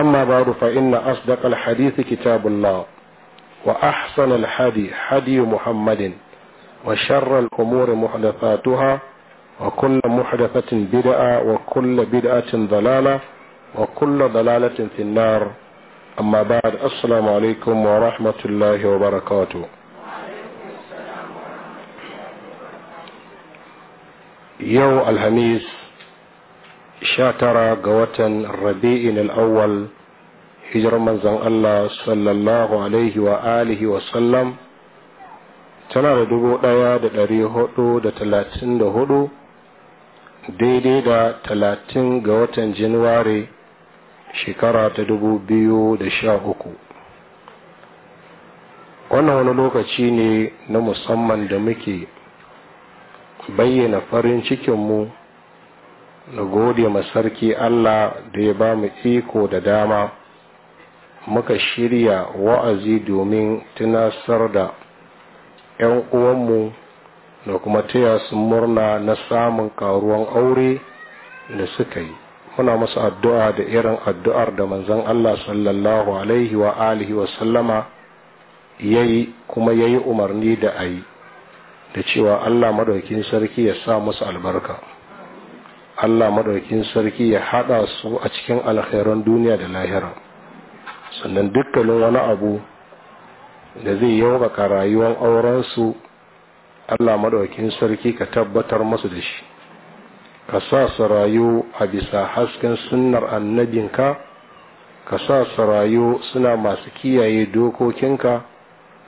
أما بعد فإن أصدق الحديث كتاب الله وأحسن الحدي حدي محمد وشر الأمور محدثاتها وكل محدثة بدعة وكل بدعة ضلالة وكل ضلالة في النار أما بعد السلام عليكم ورحمة الله وبركاته يوم الخميس tara ga watan rabi'in al'awwal hijirar manzon Allah sallallahu alaihi wa alihi wa sallam tana da dubu ɗaya da ɗari hudu da talatin da hudu daidai da talatin ga watan januwari shekara ta dubu biyu da sha uku wannan wani lokaci ne na musamman da muke bayyana farin cikinmu mu na gode ma sarki Allah da ya ba mu iko da dama muka shirya wa'azi domin tunasar da 'yan uwanmu da kuma taya su murna na samun karuwan aure da suka yi muna masu addu'a da irin addu'ar da manzon Allah sallallahu alaihi wa alihi wa sallama ya yi kuma ya yi umarni da a yi da cewa Allah madaukin sarki ya sa musu albarka Allah madaukin sarki ya haɗa su a cikin alkhairan duniya da lahira sannan dukkanin wani abu da zai yaukaka rayuwar auren su Allah madaukin sarki ka tabbatar masu da shi ka sa su rayu a bisa hasken sunnar annabinka ka sa su rayu suna masu kiyaye dokokinka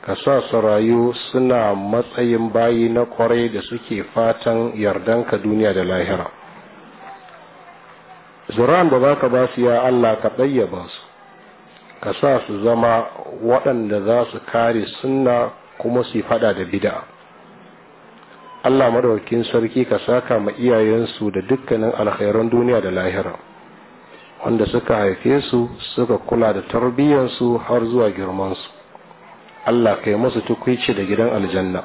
ka sa su rayu suna matsayin bayi na kwarai da suke fatan yardanka duniya da lahira zuran da za ka ba su ya Allah ka ɗayyaba su ka sa su zama waɗanda za su kare sunna kuma su fada da bida Allah madaukin sarki ka saka ma iyayensu da dukkanin alkhairan duniya da lahira wanda suka haife su suka kula da tarbiyyansu har zuwa girmansu Allah kai musu tukwici da gidan aljanna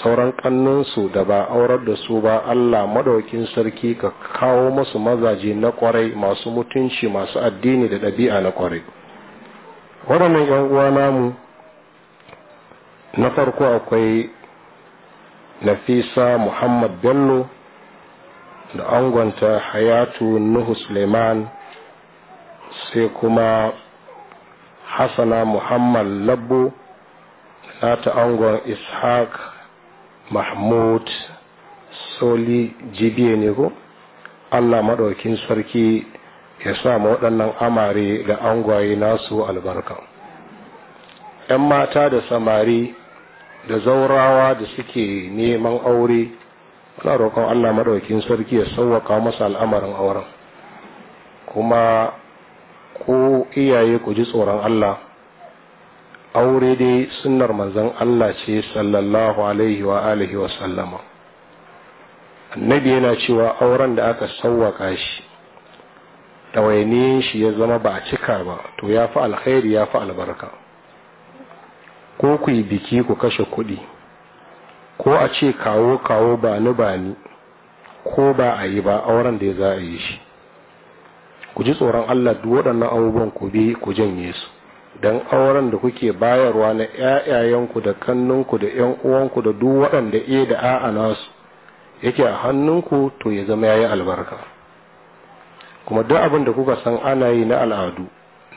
sauran kannansu da ba aurar da su ba Allah madaukin sarki ka kawo masu mazaje na kwarai masu mutunci masu addini da ɗabi'a na kwarai waɗannan yan uwa namu na farko akwai nafisa muhammad bello da angonta hayatu nuhu suleiman sai kuma hassana muhammad labbo na ta angon ishaq mahmud soli Jibiye ne ko allah maɗaukin sarki ya sa waɗannan amare da angwaye nasu albarka ‘yan mata da samari da zaurawa da suke neman aure na roƙon allah maɗaukin sarki ya sauwaka masa al'amarin auren kuma ko iyaye ku ji tsoron allah aure dai sunnar manzon Allah ce sallallahu alaihi wa alihi wa sallama annabi yana cewa auren da aka sauwaka shi waine shi ya zama ba a cika ba to ya fi alkhairi ya fi albarka ko ku yi biki ku kashe kuɗi ko a ce kawo kawo ba ni ba ni ko ba a yi ba auren da ya za a yi shi ku ji tsoron Allah duk waɗannan abubuwan ku bi ku janye su dan auren da kuke bayarwa na ‘ya'yayenku da kannunku da ‘yan uwanku da duk waɗanda e da a'a nasu yake a hannunku to ya zama yayi albarka kuma duk abin da kuka san ana yi na al'adu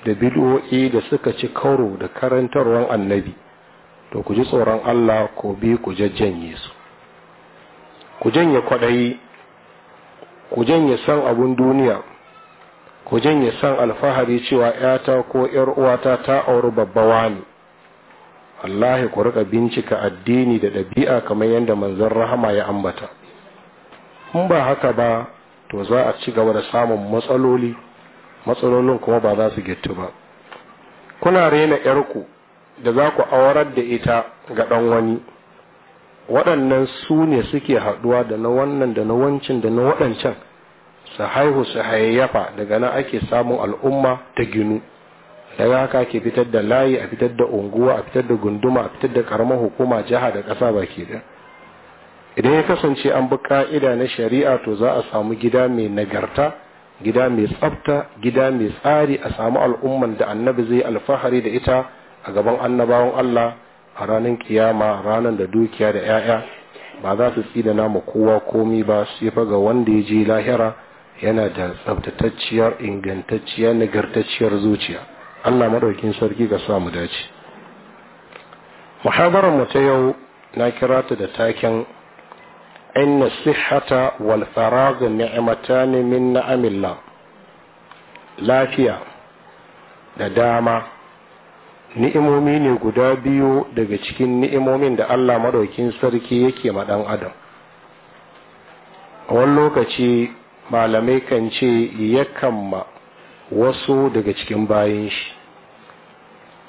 da bid'o'i da suka ci kauro da karantarwan annabi to ku ji tsoron Allah ko bi ku jajjanye su ku janye kwaɗayi ku janye san abun duniya ku janye san alfahari cewa ‘yata ko ‘yar uwata ta auri babbawa ne, Allahi ku rika bincika addini da ɗabi'a kamar yadda manzon rahama ya ambata. In ba haka ba, to za a ci gaba da samun matsaloli, matsalolin kuma ba za su gittu ba. Kuna rena ‘yarku da za ku aurar da ita ga ɗan wani, waɗannan su ne suke haɗuwa da na wannan da na wancin da na waɗancan. su haihu daga nan ake samun al'umma ta ginu daga haka ake fitar da layi a fitar da unguwa a fitar da gunduma a fitar da karamar hukuma jiha da ƙasa baki da idan ya kasance an bi ka'ida na shari'a to za a samu gida mai nagarta gida mai tsafta gida mai tsari a samu al'umman da annabi zai alfahari da ita a gaban annabawan Allah a ranar kiyama ranar da dukiya da 'ya'ya ba za su tsina nama kowa komi ba sai fa ga wanda ya je lahira yana da tsabtatacciyar ingantacciyar nagartacciyar zuciya Allah maɗaukin sarki ga mu dace muhabarar mu ta yau na kira ta da taken inna sihhata wal farag ni'matan min na'amillah lafiya da dama ni'imomi ne guda biyu daga cikin ni'imomin da Allah maɗaukin sarki yake ma dan adam a wani lokaci malamai kan ce ya ma wasu daga cikin bayan shi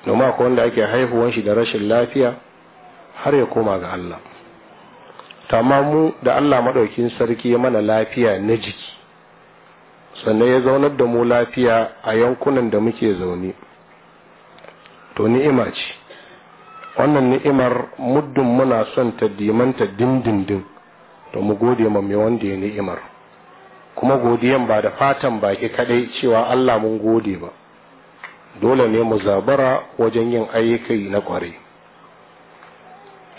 noma ko wanda ake haihuwan shi da rashin lafiya har ya koma ga Allah tamma mu da Allah maɗaukin sarki ya mana lafiya na jiki sannan ya zaunar da mu lafiya a yankunan da muke zaune to ni'ima ce wannan ni'imar muddin muna son ta dimanta dindindin to mu gode ma mai wanda ya ni'imar kuma godiyan ba da fatan baki kadai cewa Allah mun gode ba dole ne mu zabara wajen yin ayyuka na kware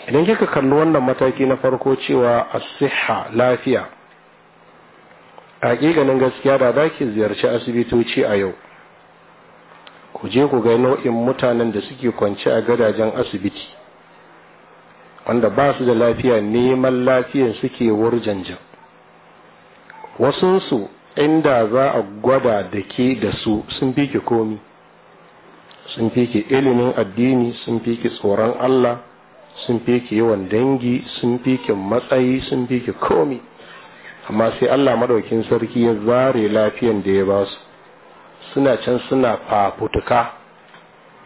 idan kika kalli wannan mataki na farko cewa as-sihha lafiya Ganin gaskiya da za ki ziyarci asibitoci a yau ku je ku ga nau'in mutanen da suke kwance a gadajen asibiti wanda ba su da lafiya neman lafiyan suke wurjanjan wasunsu inda za a gwada da ke da su sun fi ki komi sun fi ki ilimin addini sun fi ki tsoron Allah sun fi ki yawan dangi sun fi ki matsayi sun fi ki komi amma sai Allah madaukin sarki ya zare lafiyan da ya ba su suna can suna fafutuka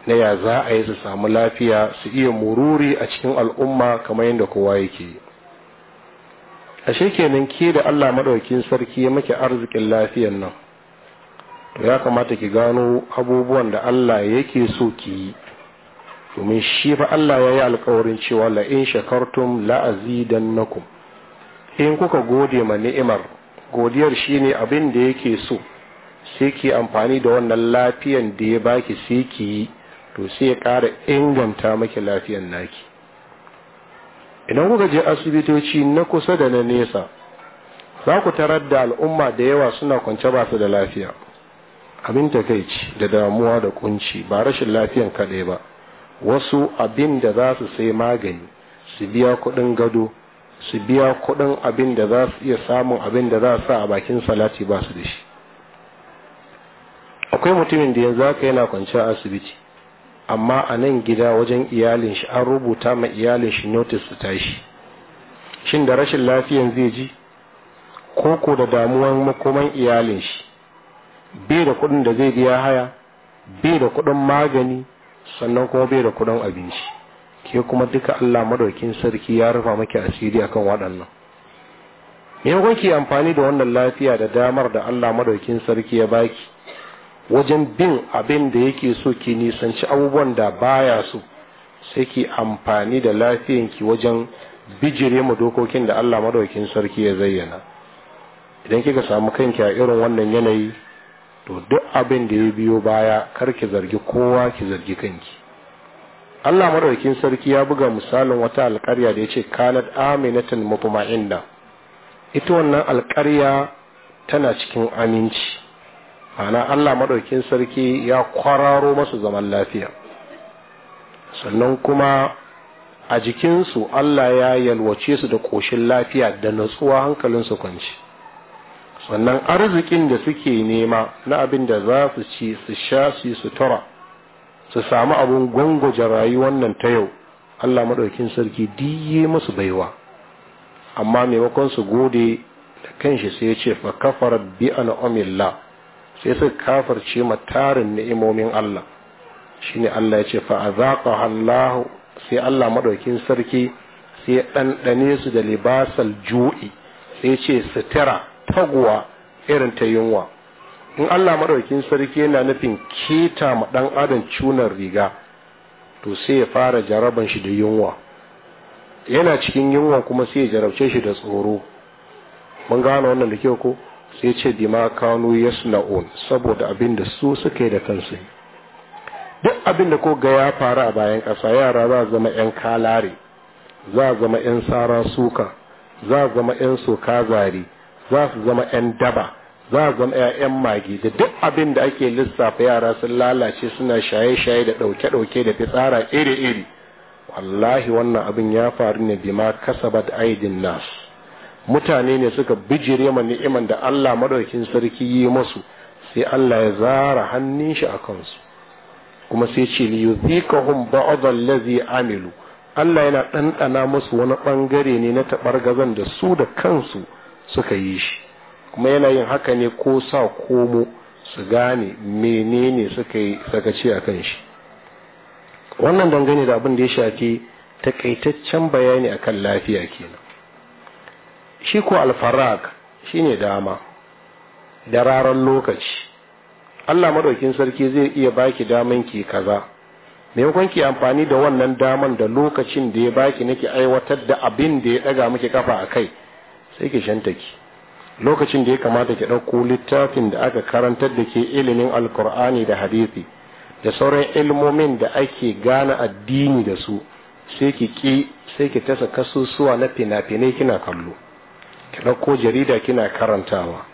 na ya za a yi su samu lafiya su iya mururi a cikin al'umma kamar yadda kowa yake yi ashe kenan ke da Allah madaukakin sarki ya maki arzikin lafiyan nan to ya kamata ki gano abubuwan da Allah yake so ki yi domin shi fa Allah ya yi alkawarin cewa la in shakartum la azidannakum in kuka gode ma ni'imar godiyar shine abin da yake so sai ki amfani da wannan lafiyan da ya baki sai ki yi to sai ya ƙara inganta maki lafiyan naki idan kuka je asibitoci na kusa da na nesa za ku tarar da al'umma da yawa suna kwance ba su da lafiya abin takaici da damuwa da kunci ba rashin lafiyan kaɗai ba wasu abin da za su sai magani su biya kuɗin gado su biya kuɗin abin da za su iya samun abin da za su sa a bakin salati ba su da shi akwai mutumin da yanzu haka yana a asibiti amma a nan gida wajen iyalin shi an rubuta ma iyalin shi notice su tashi shin da rashin lafiyan zai ji ko ko da damuwan makoman iyalin shi bai da kuɗin da zai biya haya bai da kuɗin magani sannan kuma bai da kuɗin abinci ke kuma duka Allah madaukin sarki ya rufa maki asiri akan waɗannan me ki amfani da wannan lafiya da damar da Allah madaukin sarki ya baki wajen bin abin da yake so ki nisanci abubuwan da baya so sai ki amfani da lafiyanki wajen bijire mu dokokin da Allah madaukin sarki ya zayyana idan kika samu kanki a irin wannan yanayi to duk abin da ya biyo baya kar ki zargi kowa ki zargi kanki Allah madaukin sarki ya buga misalin wata alƙarya da yace kanat aminatan mutma'inna ita wannan alƙarya tana cikin aminci ana Allah madaukin sarki ya kwararo masu zaman lafiya sannan kuma a jikinsu Allah ya yalwace su da ƙoshin lafiya da natsuwa hankalinsu kwanci sannan arzikin da suke nema na abin da za su ci su sha su yi sutura su samu abin gwangwaje rayuwar nan ta yau Allah maɗaukin sarki diye masu baiwa amma maimakon su gode da kanshi sai ya ce fa kafara bi an'amillah sai suka kafarce ma tarin ni'imomin Allah shine Allah ya ce fa azaqaha Allah sai Allah madaukin sarki sai ya ɗanɗane su da libasal ju'i sai ce sutura taguwa irin ta yunwa in Allah maɗaukin sarki yana nufin keta ma ɗan adam cunar riga to sai ya fara jaraban shi da yunwa yana cikin yunwa kuma sai ya jarabce shi da tsoro mun gane wannan da kyau ko sai ce bima kanu yasna'un saboda abin da su suke da kansu duk abin da ko ga ya faru a bayan ƙasa yara za zama yan kalare za zama yan sara suka za zama yan soka zari za su zama yan daba za zama yan magi da duk abin da ake lissafa yara sun lalace suna shaye-shaye da ɗauke-ɗauke da fitsara iri-iri wallahi wannan abin ya faru ne bima kasabat aidin nasu mutane ne suka bijire ma ni'iman da Allah madaukin sarki yi musu sai Allah ya zara hannun shi a kansu kuma sai ce li yuzikahum ba'd allazi amilu Allah yana dandana musu wani ɓangare ne na taɓargazan da su da kansu suka yi shi kuma yana yin haka ne ko sa komo su gane menene suka yi sakaci a kan shi wannan dangane da abin da ya shafi takaitaccen bayani akan lafiya kenan shi ko alfarak shine dama da raran lokaci Allah madaukin sarki zai iya baki daman ki kaza maimakon ki amfani da wannan daman da lokacin da ya baki nake aiwatar da abin da ya daga miki kafa a kai sai ki shantaki lokacin da ya kamata ki ɗauko littafin da aka karantar da ke ilimin alkur'ani da hadisi da sauran ilmomin da ake gane addini da su sai ki ki sai ki tasa kasusuwa na fina-finai kina kallo ki ɗauko jarida kina karantawa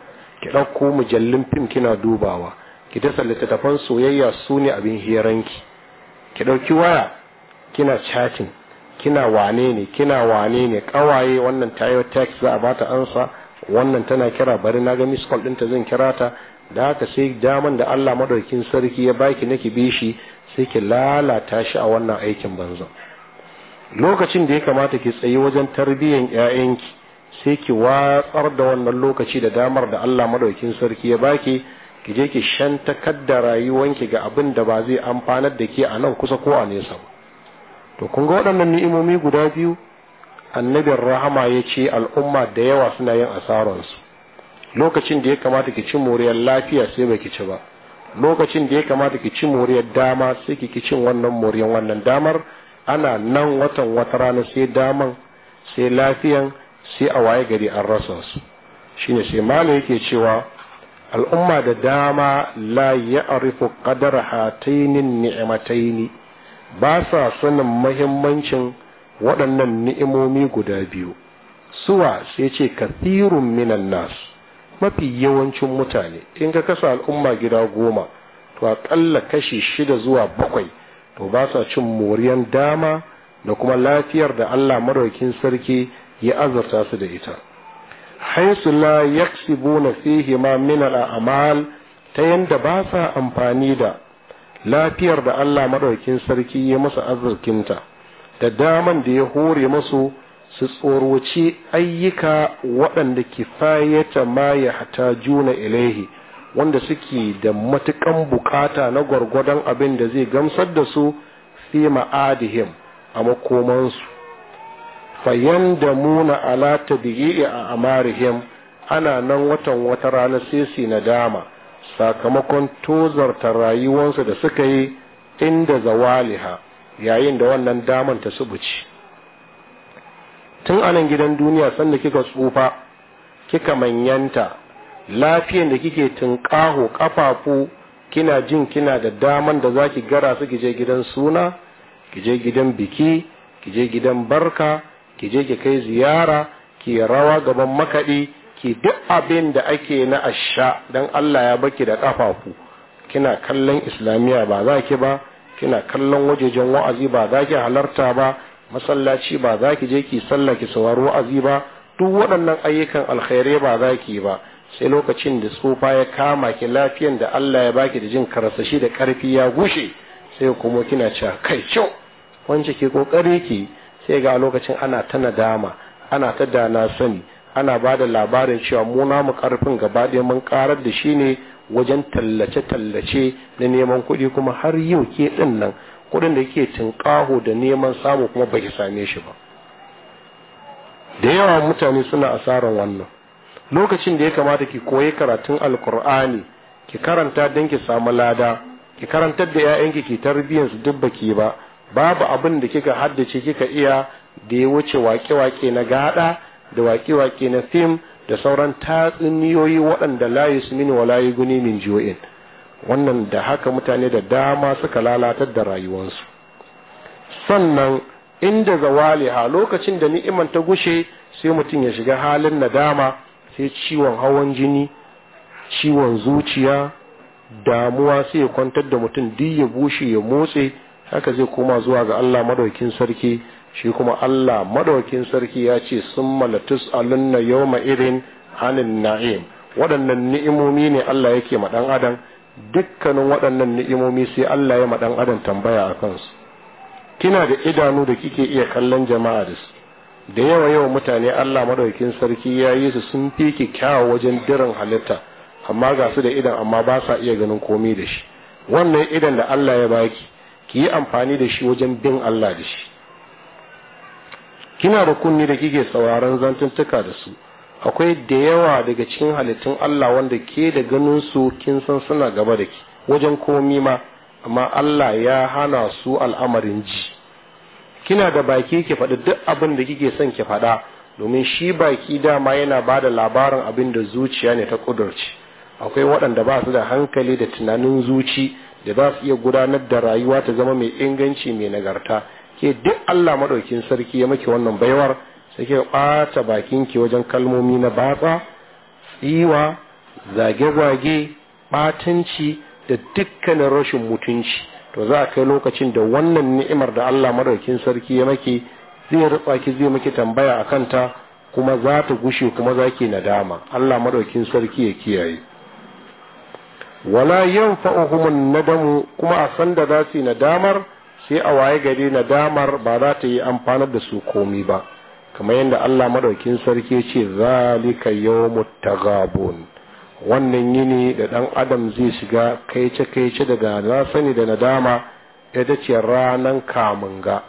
ki ɗauko mujallin fim kina dubawa ki dasa littattafan soyayya su ne abin hiranki ki ɗauki waya kina chatin kina wane ne kina wane ne ƙawaye wannan tayo tax za a bata ansa wannan tana kira bari na ga miss call ɗinta zan kira ta da haka sai daman da Allah madaukin sarki ya baki na ki bi shi sai ki lalata shi a wannan aikin banza lokacin da ya kamata ki tsayi wajen tarbiyyan ƴaƴanki sai ki watsar da wannan lokaci da damar da Allah madaukin sarki ya baki ki je ki shanta kadda rayuwanki ga abin da ba zai amfanar da ke a nan kusa ko a nesa ba to kun ga waɗannan ni'imomi guda biyu annabin rahama ya ce al'umma da yawa suna yin asararsu lokacin da ya kamata ki ci moriyar lafiya sai ki ci ba lokacin da ya kamata ki ci moriyar dama sai ki ki cin wannan moriyar wannan damar ana nan watan wata rana sai daman sai lafiyan sai a waye gari an rasa su shine sai malam yake cewa al'umma da dama la ya'rifu qadar hatainin ni'mataini ba sa sanin muhimmancin waɗannan ni'imomi guda biyu suwa sai ce kathirun minan nas mafi yawancin mutane in ka kasa al'umma gida goma to aƙalla kashi shida zuwa bakwai to ba sa cin moriyan dama da kuma lafiyar da Allah madaukin sarki ya azarta su da ita haisu la yaksibuna fihi ma min al'amal ta yanda ba sa amfani da lafiyar da Allah maɗaukin sarki ya musu azurkinta da daman da ya hore masu su tsoroci ayyuka waɗanda kifayata ma ya hata juna ilaihi wanda suke da matukan bukata na gwargwadon abin da zai gamsar da su fi ma'adihim a makomansu fayan da muna ala tabi'i a amarihim ana nan watan wata rana sisi na dama sakamakon tozarta rayuwansu da suka yi inda zawaliha yayin da wannan daman ta subuci tun anan gidan duniya sanda kika tsufa kika manyanta lafiyan da kike tunƙaho ƙafafu kina jin kina da daman da zaki gara su kije gidan suna kije gidan biki kije gidan barka ki je ki kai ziyara ki rawa gaban makaɗi ki duk abin da ake na asha don Allah ya baki da ƙafafu kina kallon islamiyya ba za ki ba kina kallon wajejen wa'azi ba za ki halarta ba masallaci ba za ki je ki sallah ki saurari wa'azi ba duk waɗannan ayyukan alkhairai ba za ki ba sai lokacin da tsufa ya kama ki lafiyan da Allah ya baki da jin karasashi da ƙarfi ya gushe sai kuma kina cewa kai kyau wance ke kokari ki sai ga lokacin ana ta nadama ana ta dana sani ana ba da labarin cewa mu namu karfin gaba ɗaya mun karar da shi ne wajen tallace-tallace na neman kuɗi kuma har yau ke ɗin nan kuɗin da ke tinƙaho da neman samu kuma ba ki same shi ba da yawa mutane suna asarar wannan lokacin da ya kamata ki koyi karatun alkur'ani ki karanta don ki samu lada ki karantar da 'ya'yanki ki tarbiyyarsu duk baki ba babu abin da kika haddace kika iya da ya wuce wake-wake na gada da wake-wake na fim da sauran tatsuniyoyi waɗanda layi su mini wa layi guni min jiwo'in wannan da haka mutane da dama suka lalatar da rayuwansu sannan inda ha lokacin da ni'iman ta gushe sai mutum ya shiga halin nadama sai ciwon hawan jini ciwon zuciya damuwa sai ya kwantar da mutum duk ya bushe ya motse haka zai koma zuwa ga Allah madaukin sarki shi kuma Allah madaukin sarki ya ce summa latus'alunna yawma irin halin na'im waɗannan ni'imomi ne Allah yake ma dan adam dukkanin waɗannan ni'imomi sai Allah ya ma dan adam tambaya a kansu kina da idanu da kike iya kallon jama'a da su da yawa yawa mutane Allah madaukin sarki ya yi su sun fi kyakkyawa wajen dirin halitta amma ga su da idan amma ba sa iya ganin komai da shi wannan idan da Allah ya baki ki yi amfani da shi wajen bin Allah da shi kina da kunne da kike sauraron zantuntuka da su akwai da yawa daga cikin halittun Allah wanda ke da ganin su kin san suna gaba da ki wajen komi ma amma Allah ya hana su al'amarin ji kina da baki ki faɗi duk abin da kike son ki faɗa domin shi baki dama yana ba da labarin abin da zuciya ne ta ƙudurci akwai waɗanda ba su da hankali da tunanin zuci da za su iya gudanar da rayuwa ta zama mai inganci mai nagarta ke duk Allah madaukin sarki ya maki wannan baiwar sai ke ɓata bakin ki wajen kalmomi na batsa tsiwa zage-zage batanci, da dukkanin rashin mutunci to za a kai lokacin da wannan ni'imar da Allah madaukin sarki ya maki zai rutsa ki zai maki tambaya a kanta kuma za ta gushe kuma za ki nadama Allah madaukin sarki ya kiyaye wala yanfa'uhum nadamu kuma a sanda da za su yi nadamar sai a waye gari nadamar ba za ta yi amfanar da su komi ba kamar yadda Allah madaukin sarki ce zalika yawmut tagabun wannan yini da dan adam zai shiga kaice kaice daga na sani da nadama ita ce ranan kamun ga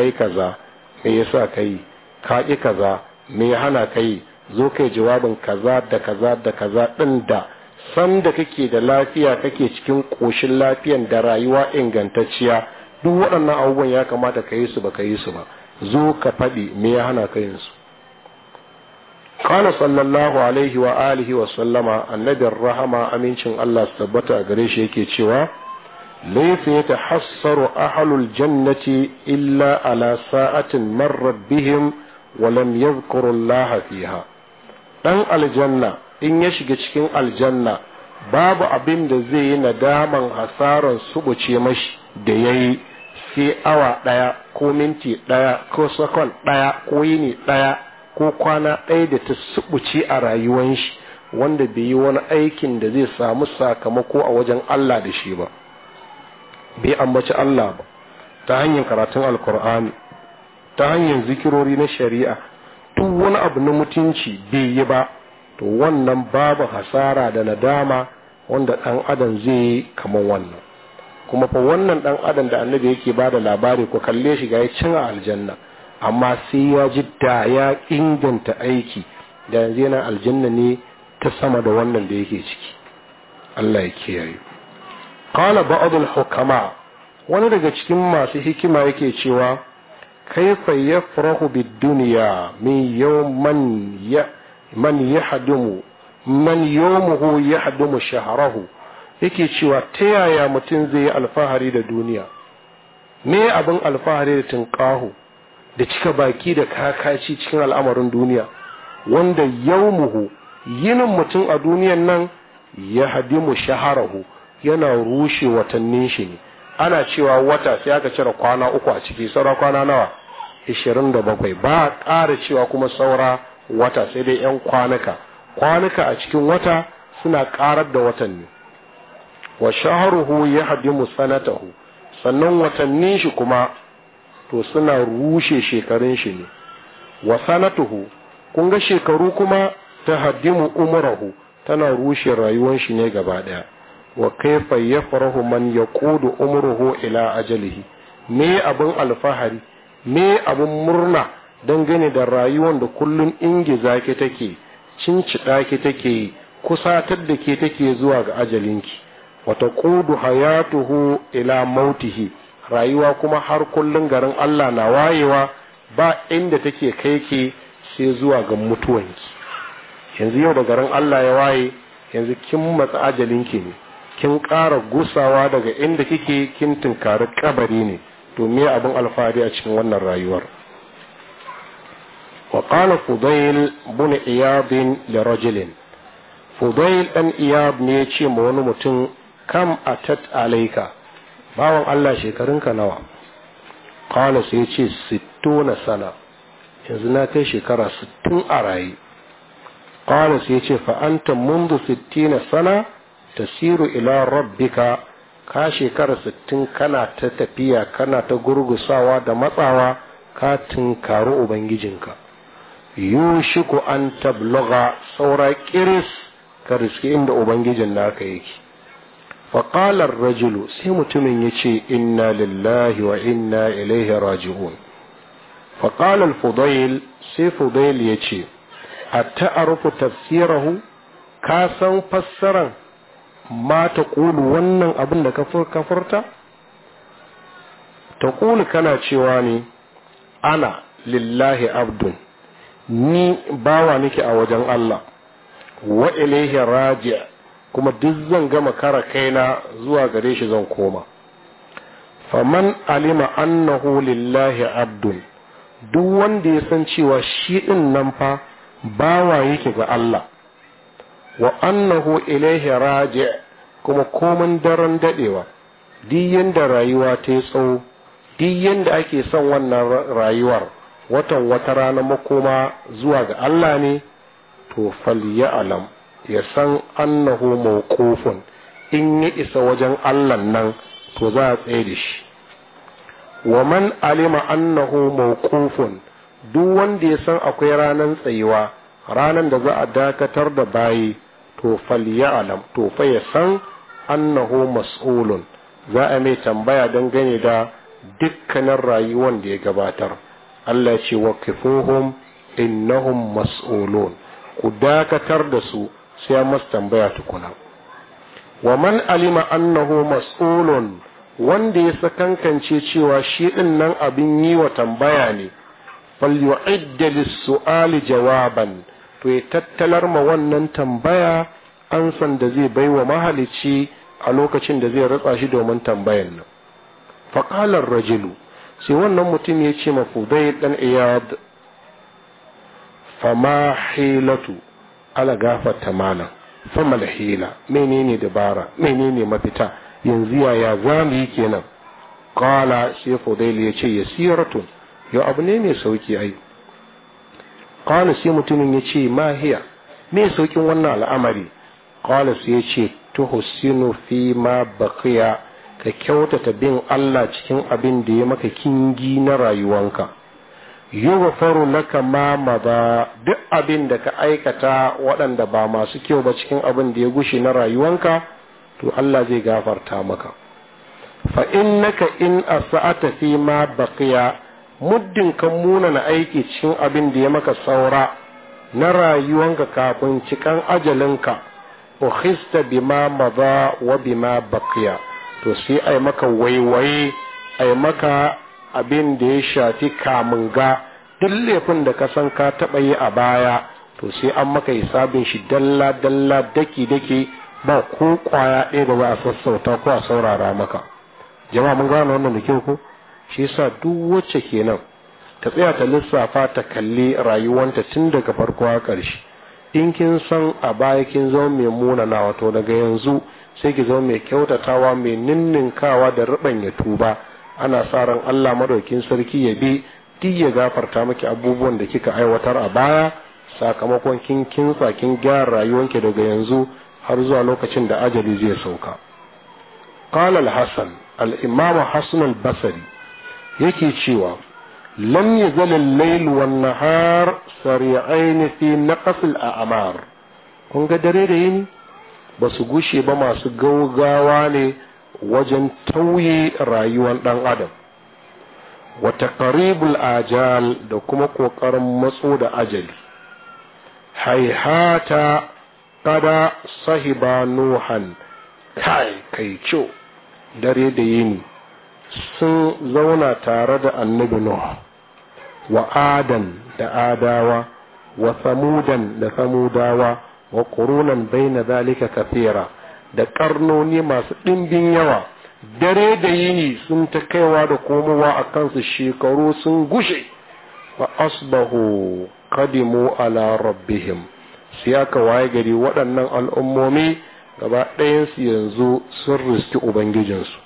yi kaza me yasa kai ka ki kaza me hana kai zo kai jawabin kaza da kaza da kaza din da san da kake da lafiya kake cikin ƙoshin lafiyan da rayuwa ingantacciya duk waɗannan abubuwan ya kamata ka yi su ba ka yi su ba zo ka faɗi me ya hana ka yin su kana sallallahu alaihi wa alihi wa sallama annabin rahama amincin Allah su tabbata a gare shi yake cewa laysa yatahassaru ahlul jannati illa ala sa'atin marrat bihin wa lam yadhkuru Allah fiha dan aljanna in ya shiga cikin aljanna babu abin da zai yi nadaman hasaran subuce mashi da ya yi sai awa ɗaya ko minti ɗaya ko sakon ɗaya ko yini ɗaya ko kwana ɗaya da ta subuce a rayuwan shi wanda bai yi wani aikin da zai samu sakamako a wajen Allah da shi ba bai ambaci Allah ba ta hanyar karatun alkur'ani ta hanyar zikirori na shari'a duk wani abu na mutunci bai yi ba to wannan babu hasara da nadama wanda ɗan adam zai yi kamar wannan kuma fa wannan ɗan adam da annabi yake ba da labari ko kalle shi ga ya cin aljanna amma sai ya ji da ya inganta aiki da yanzu yana aljanna ne ta sama da wannan da yake ciki Allah ya kiyaye qala ba'd hukama wani daga cikin masu hikima yake cewa kai kaifa yafrahu bid dunya min yawman ya man yahdumu man yawmuhu yahdumu shahrahu yake cewa ta yaya mutum zai yi alfahari da duniya me abin alfahari da tunƙaho da cika baki da kakaci cikin al'amarin duniya wanda yawmuhu yinin mutum a duniyan nan ya hadimu shaharahu yana rushe watannin shi ne ana cewa wata sai aka cire kwana uku a ciki saura kwana nawa 27 ba ƙara cewa kuma saura wata sai dai yan kwanuka kwanuka a cikin wata suna karar da watan ne wa shahruhu yahdimu musanatahu sannan watanni shi kuma to suna rushe shekarun shi ne wa sanatuhu kun ga shekaru kuma ta mu umrahu tana rushe rayuwar shi ne gaba ɗaya wa kaifa yafrahu man yaqudu umruhu ila ajalihi me abin alfahari me abin murna dangane da rayuwar da kullum ingiza ki take cincida ki take kusatar da ke take zuwa ga ajalinki wata kudu hayatuhu ila mautihi rayuwa kuma har kullum garin Allah na wayewa ba inda take kai ke sai zuwa ga mutuwanki yanzu yau da garin Allah ya waye yanzu kin matsa ajalinki ne kin ƙara gusawa daga inda kike kin tunkari kabari ne to me abin alfahari a cikin wannan rayuwar وقال فضيل بن إياب لرجل فضيل أن إياب نيتشي متن كم اتت عليك باوان الله شكرنك نوع قال سيتشي ستون سنة يزنا كي شكرا ستون أرأي قال سيتشي فأنت منذ ستين سنة تسير إلى ربك ka shekara sittin kana ta tafiya kana ta gurgusawa da matsawa ka tunkaru ubangijinka yushiku an tabloga saura kiris ka riske inda ubangijin naka yake faƙalar rajulu sai mutumin ya ce inna lillahi wa inna ilaihi raji'un faƙalar fudail sai fudail ya ce a ta'arufu tafsirahu ka san fassaran ma ta ƙulu wannan abin da ka furta ta ƙulu kana cewa ne ana lillahi abdun ni bawa nake a wajen Allah wa ilaihi raji kuma duk zan gama kara kaina zuwa gare shi zan koma faman alima annahu lillahi abdun duk wanda ya san cewa shi din nan fa bawa yake ga Allah wa annahu ilaihi raji kuma komin daren dadewa duk yanda rayuwa ta yi tsawo duk yanda ake son wannan rayuwar watan wata rana makoma zuwa ga Allah ne to falya alam ya san annahu mawqufun in ya isa wajen Allah nan to za a tsaye da shi wa man alima annahu mawqufun duk wanda ya san akwai ranan tsayuwa ranan da za a dakatar da bayi to falya alam to fa ya san annahu mas'ulun za a mai tambaya dangane da dukkanin rayuwan da ya gabatar Allah ce wa kifohon innahum mas'ulun ku dakatar da su sai an masu tambaya tukuna wa man alima annahu mas'ulun wanda ya sakankance cewa shi din nan abin yi wa tambaya ne falyu'idda lis-su'ali jawaban to ya tattalar ma wannan tambaya ansan da zai wa mahalici a lokacin da zai ratsa shi domin tambayan nan faƙalar ar sai wannan mutum ya ce ma fudai dan iyad fama hilatu ala gafarta malam fama hila menene dabara menene mafita yanzu yaya za mu yi kenan kala sai fudai ya ce yasiratun yau abu ne mai sauki ai kala sai mutumin ya ce mahiya me saukin wannan al'amari kala sai ya ce tuhsinu fi ma baqiya ka kyautata bin Allah cikin abin da ya maka kingi na rayuwanka faru laka ma maza duk abin da ka aikata waɗanda ba masu kyau ba cikin abin da ya gushe na rayuwanka to Allah zai gafarta maka fa in in a fi ma baqiya muddin ka munana aiki cikin abin da ya maka saura na rayuwanka kafin cikan ajalinka ukhista bima maza wa bima baqiya to sai ai maka waiwaye ai maka abin da ya shafi kamun ga duk laifin da ka san ka taɓa yi a baya to sai an maka hisabin shi dalla dalla daki daki ba ko kwaya ɗaya da ba a sassauta ko a saurara maka jama'a mun gane wannan da kyau ko shi yasa duk wacce kenan ta tsaya ta lissafa ta kalli rayuwanta tun daga farko a ƙarshe in kin san a baya kin zama mai munana wato daga yanzu sai ki zama mai kyautatawa mai ninninkawa da ya tuba ana sa ran Allah madaukin sarki ya bi duk ya gafarta miki abubuwan da kika aiwatar a baya sakamakon kin kinsa kin gyara rayuwanki daga yanzu har zuwa lokacin da ajali zai sauka qala al-hasan al-imam hasan al-basri yake cewa lam yazal al-layl wan nahar sari'ain fi amar kun ga dare da yini ba su gushe ba masu gaugawa ne wajen tauye rayuwar ɗan adam wata karibul ajal da kuma ƙoƙarin matso da ajali haihata ƙada sahiba nohan kai kai dare da yini sun zauna tare da annabi noha wa adan da adawa wa samudan da samudawa wa qurunan baina zalika da karnoni masu ɗimbin yawa dare da yini sun ta kaiwa da komowa a kansu shekaru sun gushe fa asbahu qadimu ala rabbihim sai aka waye gari waɗannan al'ummomi gaba ɗayansu yanzu sun riski ubangijinsu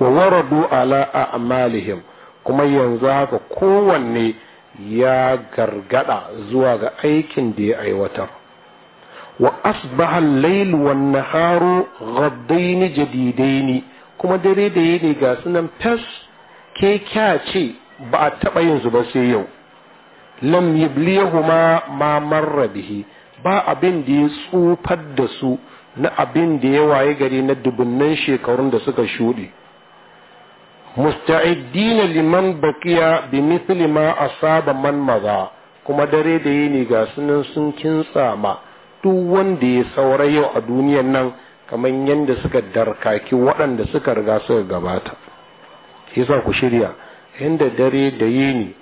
wa waradu ala a'malihim kuma yanzu haka kowanne ya gargada zuwa ga aikin da ya aiwatar وأصبح الليل والنهار غضين جديدين كما دري دي دي غاسنا بس كي كاتشي بعد تبين زبسيو لم يبليهما ما مر به ba abin da ya tsufar da su na abin da ya waye gari na dubunnan shekarun da suka shuɗe musta'iddina liman baqiya bi mithli ma asaba man maza kuma dare da yini ga sunan sun kintsama. ma duk wanda ya saura a duniyan nan kamar yadda suka darkaki waɗanda suka riga suka gabata yasa ku shirya inda dare da yini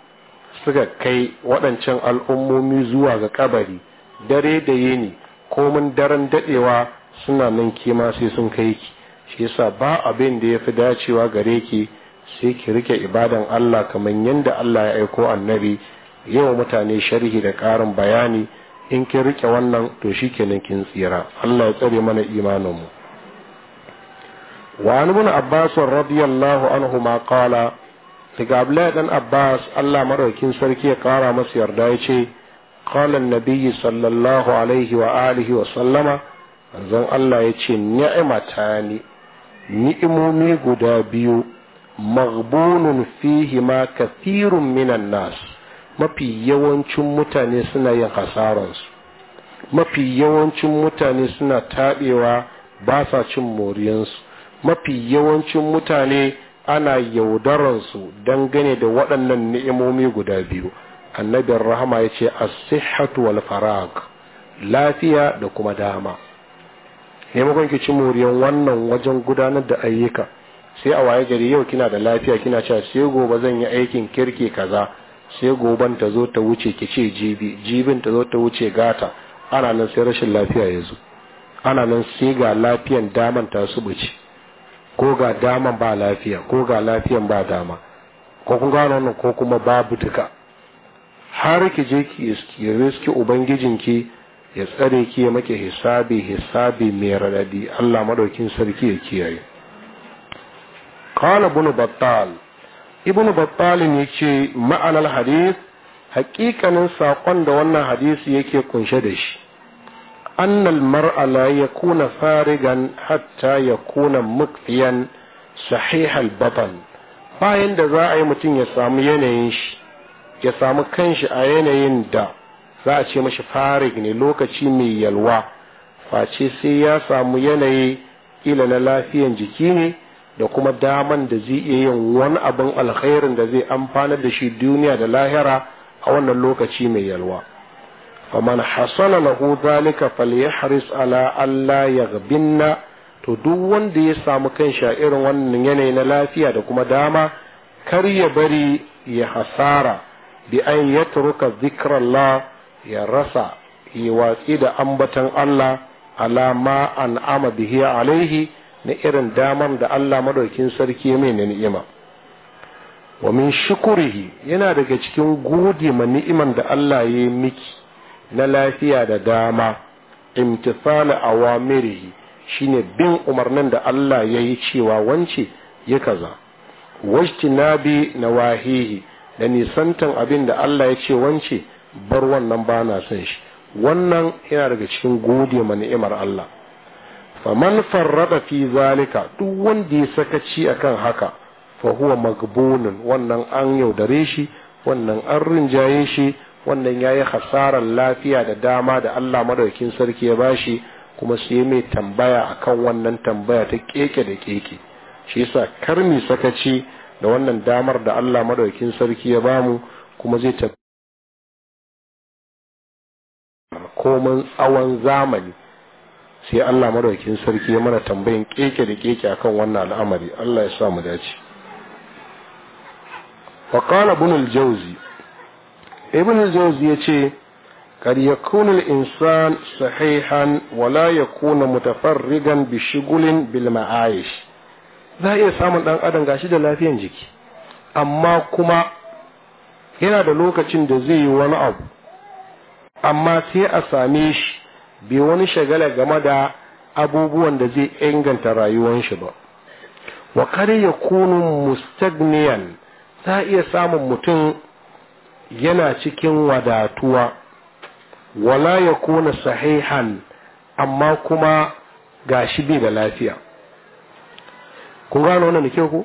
suka kai waɗancan al'ummomi zuwa ga kabari dare da yini komin daren daɗewa suna nan kima sai sun kai ki shi yasa ba abin da ya fi dacewa gare ki sai ki rike ibadan Allah kamar yadda Allah ya aiko annabi yau mutane sharhi da ƙarin bayani in kin rike wannan to shi kenan kin tsira Allah ya tsare mana imanin mu wa an abbas radiyallahu anhu ma qala daga abdullahi dan abbas Allah madaukin sarki ya kara masa yarda ya ce qala annabi sallallahu alaihi wa alihi wa sallama manzon Allah ya ce ni'matani ni'imomi guda biyu maghbunun fihi ma kathirun minan nas mafi yawancin mutane suna yin hasararsu mafi yawancin mutane suna taɓewa ba sa cin moriyansu mafi yawancin mutane ana yaudararsu dangane da waɗannan ni'imomi guda biyu annabin rahama ya ce a sihatu wal lafiya da kuma dama maimakon ki ci moriyan wannan wajen gudanar da ayyuka sai a waye gari yau kina da lafiya kina cewa sai gobe zan yi aikin kirki kaza sai goban ta zo ta wuce ki ce jibi jibin ta zo ta wuce gata ana nan sai rashin lafiya ya zo ana nan sai ga lafiyan daman ta subuce ko ga daman ba lafiya ko ga lafiyan ba dama ko kun gano wannan ko kuma babu duka har ki je ki ubangijin ki ya tsare ki ya make hisabi hisabi mai radadi Allah madaukin sarki ya kiyaye qala bunu battal ibn battalin ya ce ma'anar hadis hakikanin saƙon da wannan hadisi yake kunshe da shi annal mar'ala ya kuna farigan hatta ya kuna mukfiyan sahihal batan bayan da za a yi mutum ya samu yanayin shi ya samu kanshi a yanayin da za a ce mashi farig ne lokaci mai yalwa face sai ya samu yanayi ila na lafiyan jiki ne da kuma daman da zai iya yin wani abin alkhairin da zai amfana da shi duniya da lahira a wannan lokaci mai yalwa faman hasala lahu zalika falyahris ala Allah alla yaghbinna to duk wanda ya samu kan sha irin wannan yanayi na lafiya da kuma dama kar ya bari ya hasara bi an yatruka zikrallah ya rasa ya watsi da ambatan Allah alama an ama bihi alaihi na irin damar da Allah madaukin sarki mai na ni'ima wa min shukurihi yana daga cikin gode ma ni'iman da Allah ya miki na lafiya da dama imtithala awamirihi shine bin umarnin da Allah ya yi cewa wance ya kaza wajtinabi nawahihi da nisantan abin da Allah ya ce wance bar wannan ba na son shi wannan yana daga cikin gode ma ni'imar Allah faman farrada fi zalika duk wanda ya sakaci akan haka fa huwa magbunun wannan an yaudare shi wannan an rinjaye shi wannan ya yi hasarar lafiya da dama da Allah madaukin sarki ya bashi kuma su yi mai tambaya akan wannan tambaya ta keke da keke shi yasa kar mi sakaci da wannan damar da Allah madaukin sarki ya bamu kuma zai tafi. koman tsawon zamani sai Allah madaukin sarki ya mana tambayin keke da keke akan wannan al'amari Allah ya sa mu dace wa qala ibn al-jawzi ibn al-jawzi yace kad yakun al-insan sahihan wa la yakuna mutafarrigan bi shughulin bil ma'ayish za iya samun dan adam gashi da lafiyan jiki amma kuma yana da lokacin da zai yi wani abu amma sai a same shi bai wani shagala game da abubuwan da zai inganta rayuwan shi ba wa kare ya kunu mustagniyan za iya samun mutum yana cikin wadatuwa wala ya kuna sahihan amma kuma ga shi bai da lafiya kun gano wannan da kyau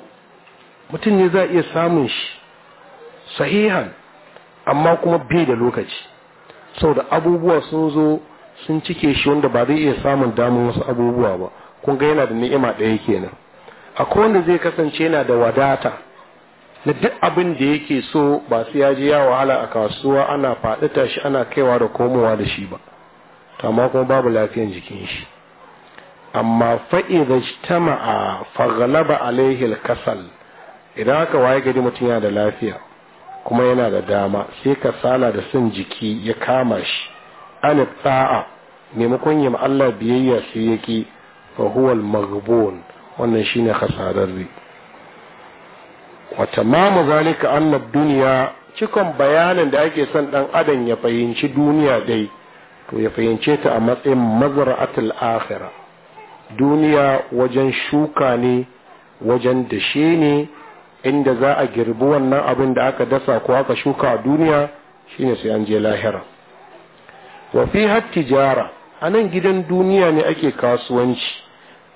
mutum ne za iya samun shi sahihan amma kuma bai da lokaci sau da abubuwa sun zo sun cike shi wanda ba zai iya samun damun wasu abubuwa ba kun ga yana da ni'ima ɗaya kenan a wanda zai kasance yana da wadata na duk abin da yake so ba sai ya ya wahala a kasuwa ana faɗita shi ana kaiwa da komowa da shi ba amma kuma babu lafiyan jikin shi amma fa'iza a faghalaba alaihil kasal idan aka waye gari mutum yana da lafiya kuma yana da dama sai kasala da son jiki ya kama shi an ta'a maimakon yam Allah biyayya su yake fa huwa al-maghbun wannan shine khasararri wa tamamu zalika anna dunya cikon bayanin da ake son dan adam ya fahimci duniya dai to ya fahimce ta a matsayin mazra'atul akhirah duniya wajen shuka ne wajen dashe ne inda za a girbi wannan abin da aka dasa ko aka shuka a duniya shine sai an je lahira wa fi tijara a nan gidan duniya ne ake kasuwanci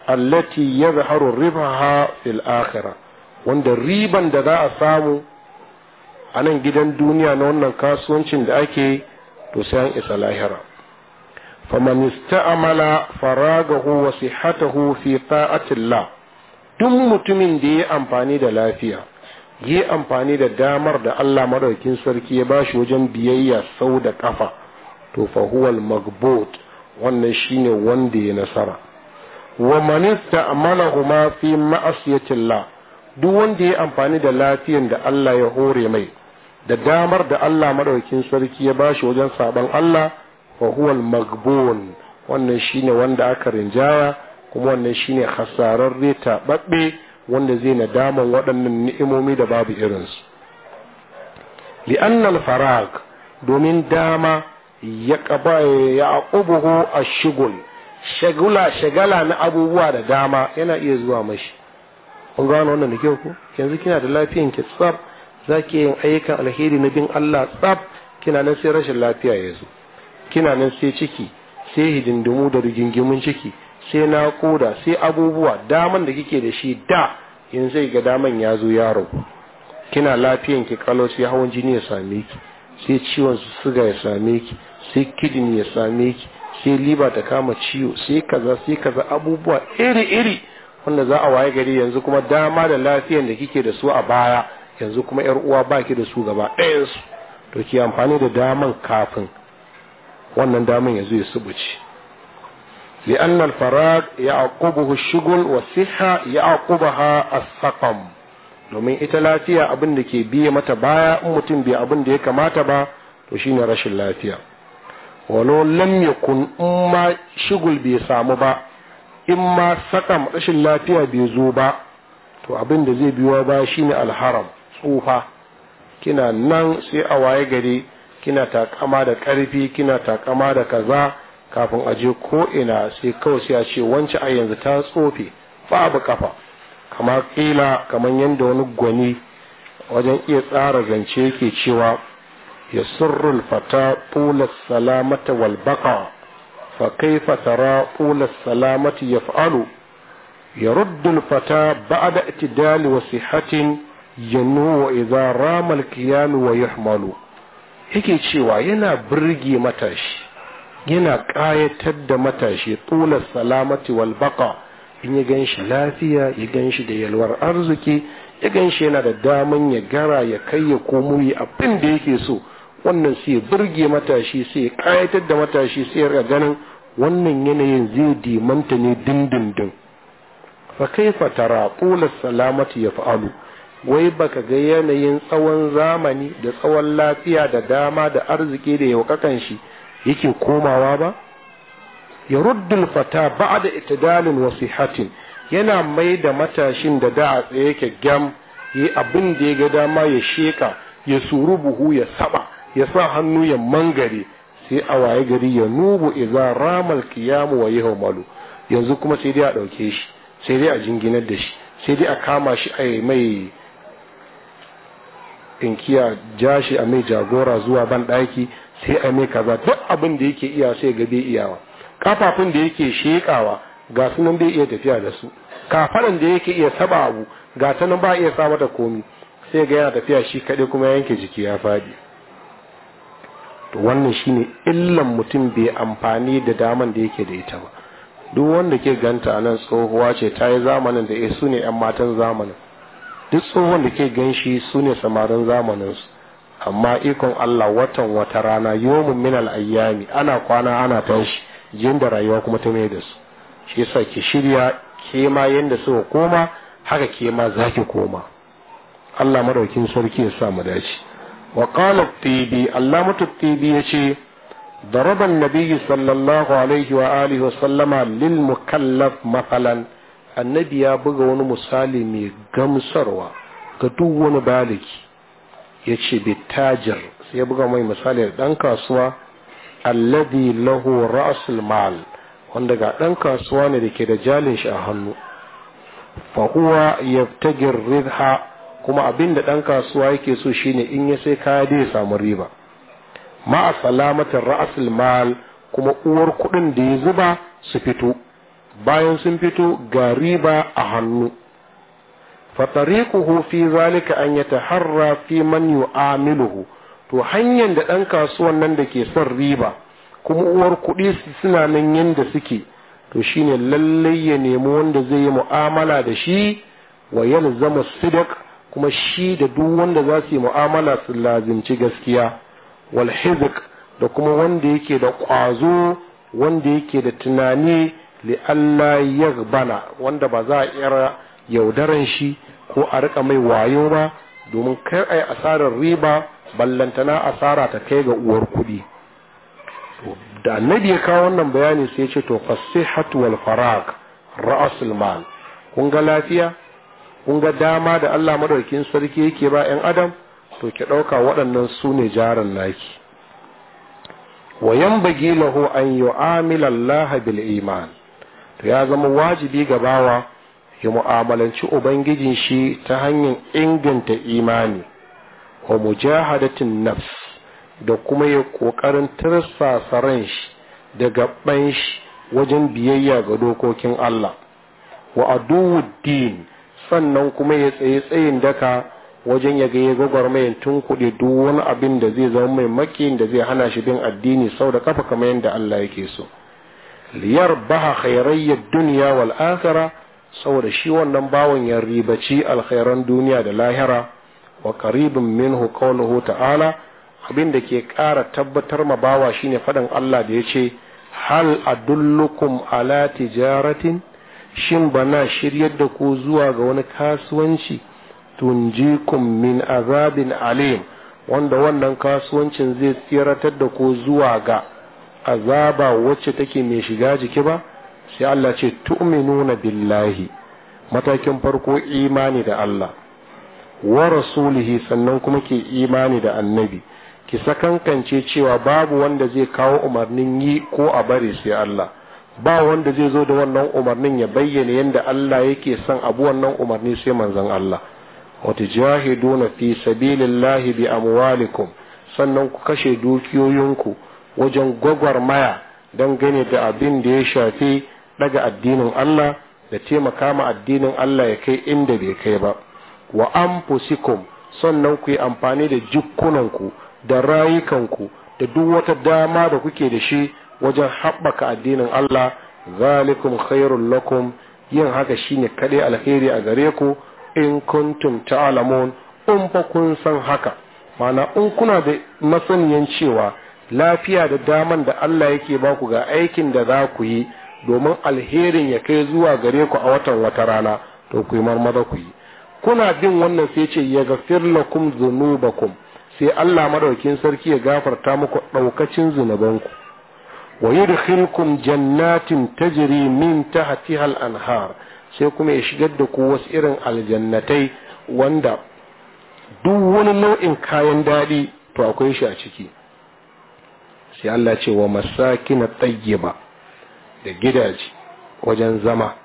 allati ya zaharu ribaha fil akhira wanda riban da za a samu a nan gidan duniya na wannan kasuwancin da ake to sai an isa lahira faman ista'mala faragahu wa sihhatahu fi ta'atillah duk mutumin da ya amfani da lafiya ya amfani da damar da Allah madaukakin sarki ya bashi wajen biyayya sau da kafa to fa huwal magbut wannan shine wanda ya nasara wa man ista'malahu ma fi ma'asiyatillah duk wanda ya amfani da lafiyan da Allah ya hore mai da damar da Allah madaukin sarki ya bashi wajen saban Allah fa huwal magbun wannan shine wanda aka rinjaya kuma wannan shine khasararre taɓaɓɓe wanda zai nadaman waɗannan ni'imomi da babu irinsu li'annal farag domin dama ya kaba ya aqubuhu ashghul shagula shagala na abubuwa da dama yana iya zuwa mashi kun gano wannan da kyau ko yanzu kina da lafiyan ki tsaf zaki yin ayyukan alheri na bin Allah tsab kina nan sai rashin lafiya ya zo kina nan sai ciki sai hidindimu da rigingimun ciki sai naƙuda sai abubuwa daman da kike da shi da in zai ga daman ya zo ya kina lafiyan ki kalau sai hawan jini ya same ki sai ciwon su suga ya same ki sai kidney ya same ki sai liba ta kama ciwo sai kaza sai kaza abubuwa iri iri wanda za a waye gari yanzu kuma dama da lafiyan da kike da su a baya yanzu kuma yar uwa baki da su gaba ɗayan su to ki amfani da daman kafin wannan daman yanzu ya subuci لأن الفراغ يعقبه الشغل والصحة يعقبها السقم domin ita lafiya abin da ke biye mata baya in mutum bai abin da ya kamata ba to shine rashin lafiya walau lam yakun in ma shigul bai samu ba in ma saka rashin lafiya bai zo ba to abin da zai biyo ba shine alharam tsufa kina nan sai a waye gari kina takama da karfi kina takama da kaza kafin a je ko ina sai kawai sai a ce wance a yanzu ta tsofe fa abu kafa kamar kila kaman yadda wani gwani wajen iya tsara zance yake cewa ya الفتى طول السلامة والبقاء فكيف ترى طول السلامة يفعل ya الفتى بعد اعتدال وصحة ينو إذا رام القيام ويحمل yake cewa yana birge matashi yana ƙayatar da matashi tsular salamati wal in ya gan lafiya ya gan da yalwar arziki ya gan shi yana da daman ya gara ya kai ya komo yi abin da yake so wannan sai burge matashi sai kayatar da matashi sai ya ganin wannan yanayin zai dimanta ne dindindin fa kaifa tara qula salamati yaf'alu wai baka ga yanayin tsawon zamani da tsawon lafiya da dama da arziki da yaukakan shi yake komawa ba ya ruddul fata ba'da itidalin hatin, yana mai da matashin da da a tsaye gam yi abin da ya ga dama ya sheka ya suru buhu ya saba ya sa hannu ya mangare sai a waye gari ya nubu idza ramal kiyamu wa malu yanzu kuma sai dai a dauke shi sai dai a jinginar da shi sai dai a kama shi a mai inkiya jashi a mai jagora zuwa ban daki sai a mai kaza duk abin da yake iya sai ga bai iyawa kafafun da yake shekawa ga sunan bai iya tafiya da su kafaran da yake iya saba abu ga ta nan ba iya sa mata komi sai ga yana tafiya shi kaɗai kuma yanke jiki ya faɗi to wannan shine illan mutum bai amfani da daman da yake da ita ba duk wanda ke ganta nan tsohuwa ce ta yi zamanin da eh, su ne 'yan matan zamanin duk tsohon da ke ganshi su ne samarin zamaninsu amma ikon Allah watan wata rana yomin minal ayyami ana kwana ana tashi jin da rayuwa kuma ta mai da su shi yasa ki shirya ke ma yanda suka koma haka ke ma ki koma Allah madaukin sarki ya sa mu dace wa qala tibi allamatu tibi yace ضرب النبي صلى الله عليه lil وسلم للمكلف مثلا annabi ya buga wani misali mai gamsarwa ga duk wani baliki ya ce bitajir sai ya buga mai misali da ɗan kasuwa alladhi lahu ra'sul mal wanda ga ɗan kasuwa ne da ke da jalin shi a hannu fa huwa yabtagir ridha kuma abin da ɗan kasuwa yake so shine in ya sai kaya dai ya samu riba ma a salamatin ra'asul mal kuma uwar kuɗin da ya zuba su fito bayan sun fito ga riba a hannu fatariquhu fi zalika an yataharra fi man yu'amiluhu to hanyar da ɗan kasuwan nan da ke son riba kuma uwar kuɗi suna nan yadda suke to shine lallai ya nemi wanda zai yi mu'amala da shi wa zama sidak kuma shi da duk wanda za su yi mu'amala su lazimci gaskiya wal da kuma wanda yake da ƙwazo wanda yake da tunani li Allah bana wanda ba za a iya yaudaran shi ko a riƙa mai wayo ba domin kar yi asarar riba ballantana asara ta kai ga uwar kuɗi da annabi ya kawo wannan bayani sai ya ce to fasihatu wal farag ra'asul mal kun ga lafiya kun ga dama da Allah madaukakin sarki yake ba yan adam to ki ɗauka waɗannan su ne jaran naki wa bagi lahu an yu'amila Allah bil iman to ya zama wajibi ga bawa ya mu'amalanci ubangijin shi ta hanyar inganta imani wa mujahadatin nafs da kuma ya kokarin tirsasa ran shi da gaban shi wajen biyayya ga dokokin Allah wa sannan kuma ya tsaye tsayin daka wajen ya gaye ya gwagwarmayan tun kuɗi duk wani abin da zai zama mai makiyin da zai hana shi bin addini sau da kafa kamar yadda Allah yake so liyar baha khairayyar duniya wal akhirah saboda shi wannan bawan ya ribaci alkhairan duniya da lahira wa qaribun minhu qawluhu ta'ala abin da ke ƙara tabbatar ma bawa shine faɗin Allah da ya ce hal adullukum ala tijaratin shin ba na shiryar da ku zuwa ga wani kasuwanci tunjikum min azabin alim wanda wannan kasuwancin zai tsiratar da ku zuwa ga azaba wacce take mai shiga jiki ba sai Allah ce tu'minuna billahi matakin farko imani da Allah wa rasulihi sannan kuma ke imani da annabi ki sakankance cewa babu wanda zai kawo umarnin yi ko a bare sai Allah ba wanda zai zo da wannan umarnin ya bayyana yadda Allah yake son abu wannan umarni sai manzon Allah wata wa tujahiduna fi sabilillahi bi amwalikum sannan ku kashe dukiyoyinku wajen gwagwarmaya don gane da abin da ya shafi daga addinin Allah da taimaka ma addinin Allah ya kai inda bai kai ba wa anfusikum sannan ku yi amfani da jikkunanku da rayukanku da duk wata dama da kuke da shi wajen haɓaka addinin Allah zalikum khairul lakum yin haka shine kaɗai alheri a gare ku in kuntum ta'lamun in fa kun san haka mana in kuna da masaniyan cewa lafiya da daman da Allah yake ba ku ga aikin da za ku yi domin alherin ya kai zuwa gare ku a watan wata rana to ku yi marmara ku yi kuna bin wannan sai ce ya gafir lakum zunubakum sai Allah madaukin sarki ya gafarta muku daukacin zunubanku wa جنات jannatin من تحتها الانهار al-anhar sai kuma ya shigar da ku wasu irin aljannatai wanda duk wani nau'in kayan daɗi to akwai shi a ciki sai Allah ce wa masakin tayyiba da gidaje wajen zama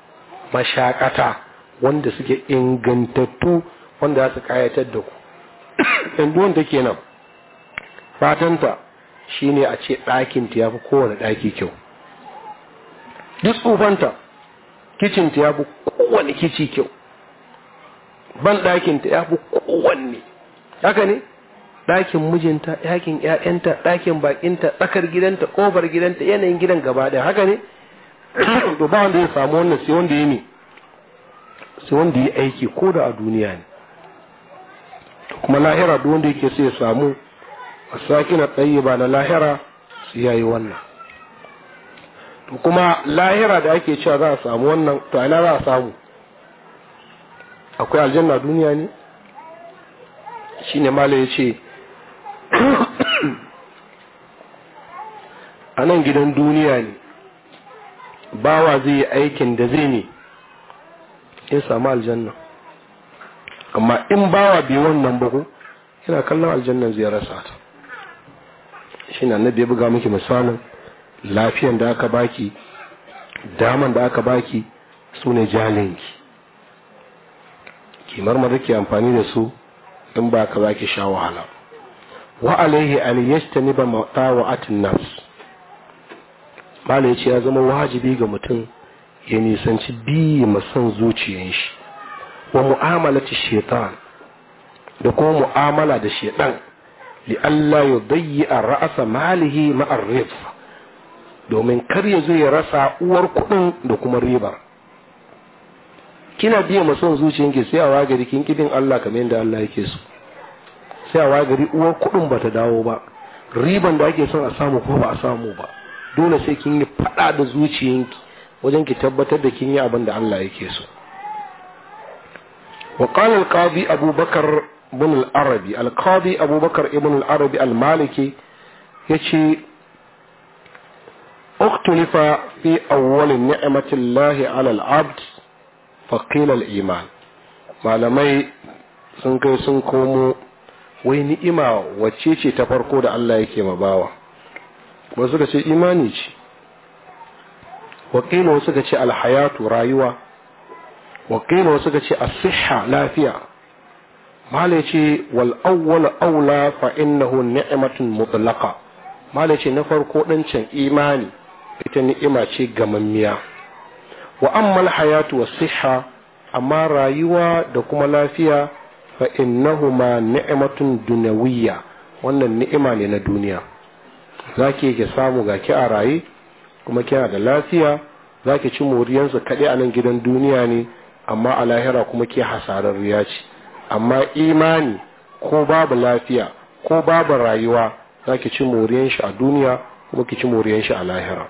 mashakata wanda suke ingantattu wanda za su kayatar da ku yanzu wanda nan fatanta shine a ce ɗakinta ya fi kowane ɗaki kyau duk tsufanta kicinta ya fi kowane kici kyau ban ɗakinta ya fi kowanne haka ne ɗakin mijinta ɗakin ƴaƴanta ɗakin baƙinta, tsakar gidanta ƙofar gidanta yanayin gidan gaba ɗaya haka ne to ba wanda ya samu wannan sai wanda ya ne sai wanda ya aiki ko da a duniya ne kuma lahira duk wanda yake so ya samu masakina ba na lahira su yayi wannan to kuma lahira da ake cewa za a samu wannan to ina za a samu akwai aljanna duniya ne shine malai ya ce a nan gidan duniya ne bawa zai yi aikin da zai in bawa wannan yana kallon aljannan ziyarar sata. shi na annabi ya buga miki misalin lafiyan da aka baki daman da aka baki su ne jalinki kimar ma ke amfani da su in ba ka baki sha wahala wa alaihi an yastani ba mata'atin nas nasu. yace ya zama wajibi ga mutum ya nisanci ma masan zuciyan shi wa mu'amalati shaitan da kuma mu'amala da shaitan li Allah ya bayyi a ra'asa malihi ma'ar domin kar ya zo ya rasa uwar kuɗin da kuma ribar kina biya mason ki, sai a wagari kin kibin Allah kamar yadda Allah yake so sai a wagari uwar kuɗin ba ta dawo ba riban da ake son a samu ko ba a samu ba dole sai kin yi faɗa da zuciyanki wajen ki tabbatar da kin yi abin da Allah yake so وقال al أبو abubakar. ibn al-arabi al-qadi abubakar ibn al-arabi al-maliki yace اختلف في أول نعمة الله على العبد فقيل الإيمان malamai sun kai sun komo wai ni'ima wacce ce ta farko da Allah yake ma bawa wasu suka ce imani ce wakila wasu suka ce alhayatu rayuwa wakila wasu suka ce asihha lafiya malai ce wal awwal aula fa innahu ni'matun mutlaqa ce na farko ɗancin imani ita ni'ima ce gamammiya wa ammal hayatu was sihha amma rayuwa da kuma lafiya fa'innahu ma ni'matun dunawiyya wannan ni'ima ne na duniya zaki ke samu ga ki a raye kuma kina da lafiya zaki ci moriyansu kaɗai a nan gidan duniya ne amma a lahira kuma ke hasararriya ce amma imani ko babu lafiya ko babu rayuwa za ki ci moriyan shi a duniya kuma ki ci moriyan shi a lahira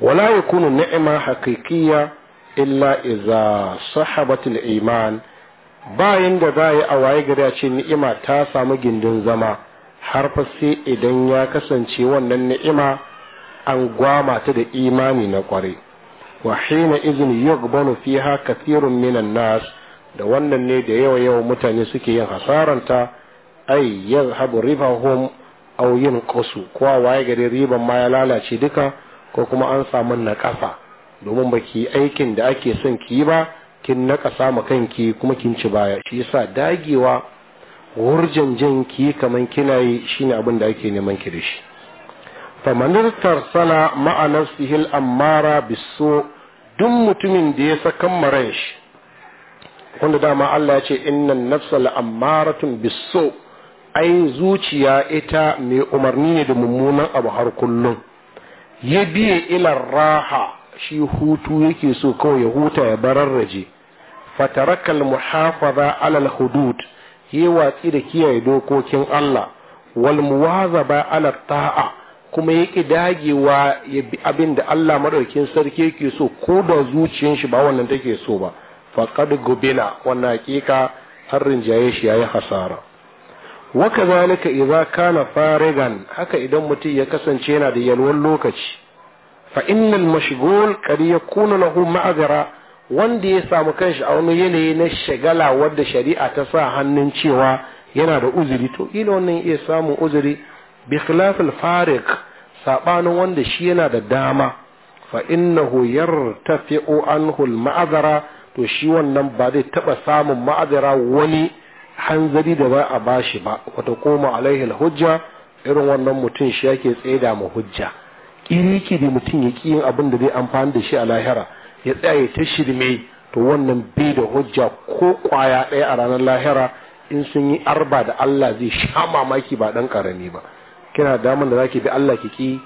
wala yakunu ni'ma haqiqiyya illa iza sahabatul iman bayan da za yi a waye gari a ce ni'ima ta samu gindin zama har fa sai idan ya kasance wannan ni'ima an gwama ta da imani na kwarai wa hina izin yugbanu fiha kathirun minan nas da wannan ne da yawa yawa mutane suke yin hasaranta ai yadhhabu au yin yunqasu ko waye gari riban ma ya lalace duka ko kuma an samu naƙasa domin baki aikin da ake son ki yi ba kin naƙasa ma kanki kuma kin ci baya shi yasa dagewa jin ki kaman kina yi shine abin da ake neman ki da shi famanin tarsala ma'anar sihil ammara biso duk mutumin da ya sakan maran shi wanda dama Allah ya ce innan nafsa la'ammaratun biso ai zuciya ita mai umarni ne da mummunan abu har kullum ya biye ilar raha shi hutu yake so kawai ya huta ya bararraje fatarakal muhafaza alal hudud yi watsi da kiyaye dokokin Allah wal muwazaba ala ta'a kuma yake dagewa ya bi abin da Allah madaukin sarki yake so ko da zuciyar shi ba wannan take so ba faqad gubina wannan hakika har rinjaye shi yi hasara wa kazalika idza kana farigan haka idan mutum ya kasance yana da yalwan lokaci fa innal mashghul qad yakunu lahu ma'azara wanda ya samu kanshi a wani yanayi na shagala wadda shari'a ta sa hannun cewa yana da uzuri to ila wannan iya samun uzuri bi khilafil saɓanin sabanin wanda shi yana da dama fa innahu yartafi'u anhu al ma'azara to shi wannan ba zai taɓa samun ma'azara wani hanzari da ba a bashi ba wata koma alaihi hujja irin wannan mutum shi yake da ma hujja kirikiri mutum ya ki yin abin da zai amfani da shi a lahira ya tsaya ta shirme to wannan bai da hujja ko kwaya ɗaya a ranar lahira in sun yi arba da Allah zai sha mamaki ba dan karami ba kina damar da zaki bi Allah ki ƙi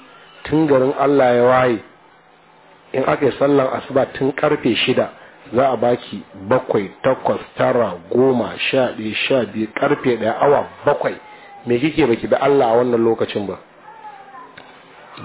tun garin Allah ya waye in aka yi sallan asuba tun karfe shida za a baki bakwai takwas tara goma sha ɗaya sha biyu karfe ɗaya awa bakwai me kike baki da Allah a wannan lokacin ba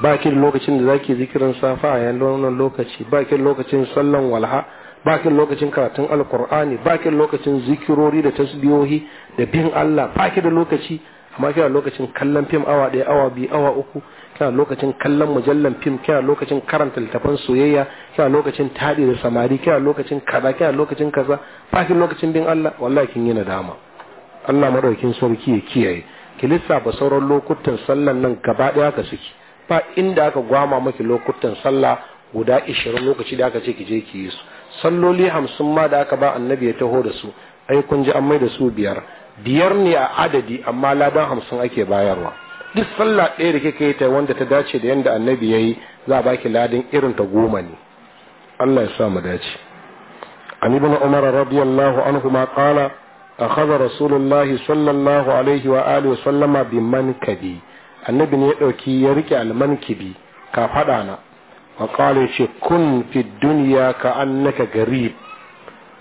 ba ki da lokacin da zaki zikirin safa a yan wannan lokaci ba ki da lokacin sallan walha ba ki da lokacin karatun alkur'ani ba ki da lokacin zikirori da tasbihohi da bin Allah ba ki da lokaci amma kina lokacin kallon fim awa ɗaya awa biyu awa uku kina lokacin kallon mujallan fim kina lokacin karanta littafan soyayya kina lokacin taɗi da samari kina lokacin kaza kina lokacin kaza fakin lokacin bin Allah wallahi kin yi nadama Allah madaukin sarki ya kiyaye ki lissafa sauran lokutan sallan nan gaba daya ka suke ba inda aka gwama maki lokutan sallah guda 20 lokaci da aka ce ki je ki yi su salloli 50 ma da aka ba annabi ya taho da su ai kun ji an mai da su biyar biyar ne a adadi amma ladan 50 ake bayarwa duk sallah ɗaya da kika yi ta wanda ta dace da yanda annabi ya yi za a baki ladin irin ta goma ne Allah ya sa mu dace an ibn umar radiyallahu anhu ma qala akhadha rasulullah sallallahu alaihi wa alihi sallama bi mankabi annabi ne ya dauki ya rike almankibi ka fada na wa qala ce kun fi dunya ka annaka garib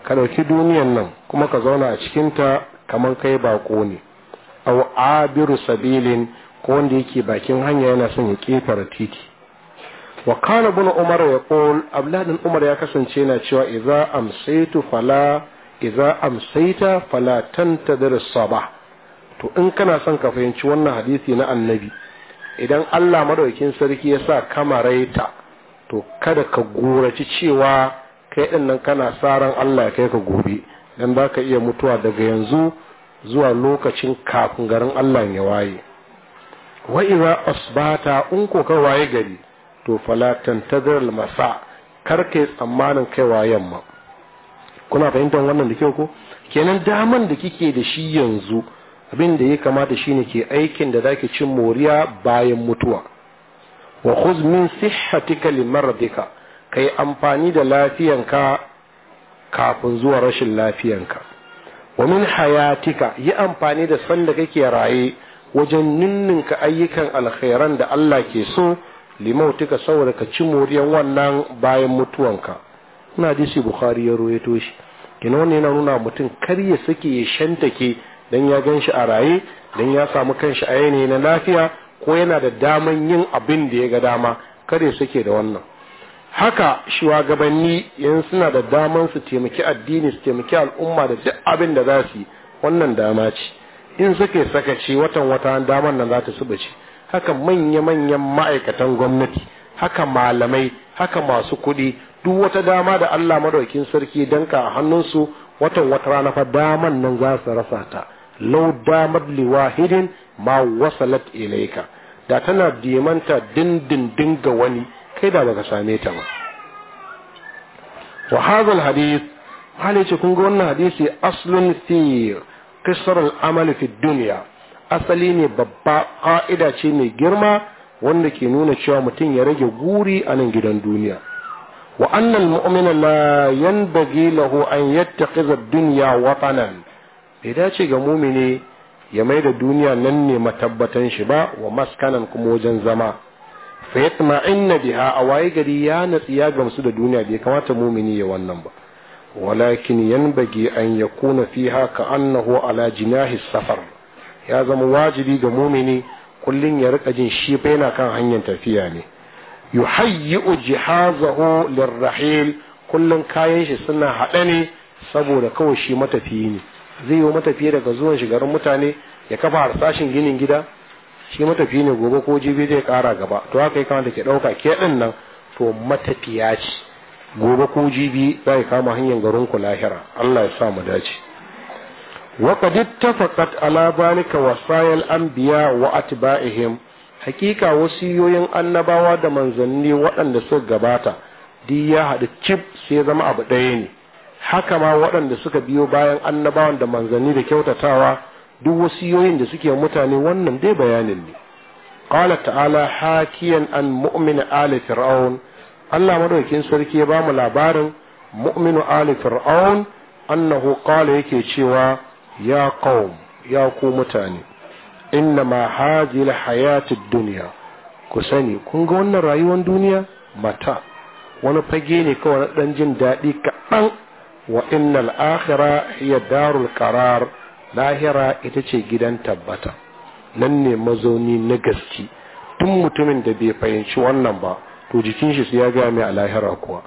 ka dauki duniyan nan kuma ka zauna a cikin ta kaman kai bako ne aw abiru sabilin ko wanda yake bakin hanya yana son ya kefara titi wa kana bin umar ya qul abladin umar ya kasance yana cewa idza amsaytu fala idza amsayta fala tantadir sabah to in kana son ka fahimci wannan hadisi na annabi idan Allah madaukin sarki ya sa kamaraita to kada ka goraci cewa kai din nan kana saran Allah ya kai ka gobe dan baka iya mutuwa daga yanzu zuwa lokacin kafin garin Allah ya waye wa iza asbata in ko ka waye gari to fala tantazir al masa kar kai tsammanin kai wayan ma kuna fahimtar wannan da kyau ko kenan daman da kike da shi yanzu abin da ya kamata shine ke aikin da zaki cin moriya bayan mutuwa wa khuz min sihhatika limardika kai amfani da ka kafin zuwa rashin ka wa min hayatika yi amfani da sanda kake raye wajen ninninka ayyukan alkhairan da Allah ke so limautuka saboda ka ci moriyar wannan bayan mutuwanka ina disi bukhari ya ruwaito shi kina wannan yana nuna mutum kar ya sake ya shantake dan ya gan shi a raye dan ya samu kanshi a yanayi na lafiya ko yana da daman yin abin da ya ga dama kar ya sake da wannan haka shugabanni yan suna da daman su taimaki addini su taimaki al'umma da duk abin da za su yi wannan dama ce in suka sakaci watan wata damar nan za ta subace haka manya-manyan ma'aikatan gwamnati haka malamai haka masu kuɗi duk wata dama da Allah madaukin sarki danka a hannunsu watan wata rana fa daman nan za su rasa ta lau li liwahidin ma wasalat ilayka da tana dimanta dindindin ga wani kai da baka same ta ba wa hadha hadith hali ce kun ga wannan hadisi aslun fi kisrul amal fi duniya asali ne babba ka'ida ce mai girma wanda ke nuna cewa mutum ya rage guri a nan gidan duniya wa annal mu'mina la yanbaghi lahu an yattakhidha ad-dunya watanan bai dace ga mumini ya mai da duniya nan ne matabbatan shi ba wa maskanan kuma wajen zama fa yatma'inna biha a waye gari ya natsi ya gamsu da duniya bai kamata mumini ya wannan ba walakin yanbaghi an yakuna fiha ka'annahu ala jinahi safar ya zama wajibi ga mumini kullun ya rika jin shi yana kan hanyar tafiya ne yuhayyi'u jihazahu lirrahil kullun kayan shi suna haɗa ne saboda kawai shi matafiyi ne zai yi matafiya daga zuwan shigarin mutane ya kafa harsashin ginin gida shi matafiyi ne gobe ko jibi zai ƙara gaba to haka ya da ke ɗauka ke ɗin nan to matafiya ce gobe ko jibi za ya kama hanyar garin ku lahira Allah ya sa mu dace wa qad ittafaqat ala balika wasayil anbiya wa atba'ihim hakika wasiyoyin annabawa da manzanni waɗanda suka gabata duk ya haɗu cif sai zama abu ɗaya ne haka ma waɗanda suka biyo bayan annabawan da manzanni da kyautatawa duk wasiyoyin da suke mutane wannan dai bayanin ne qala ta'ala hakiyan an mu'min ali fir'aun Allah madaukakin sarki ya bamu labarin mu'minu ali fir'aun annahu qala yake cewa ya qaum ya ku mutane inna ma hadhihi hayatid dunya ku sani kun ga wannan rayuwar duniya mata wani fage ne kawai na dan jin daɗi kaɗan wa innal akhira hiya darul qarar lahira ita ce gidan tabbata nan ne mazauni na gaske tun mutumin da bai fahimci wannan ba to jikin shi ya gaya mai a lahira kuwa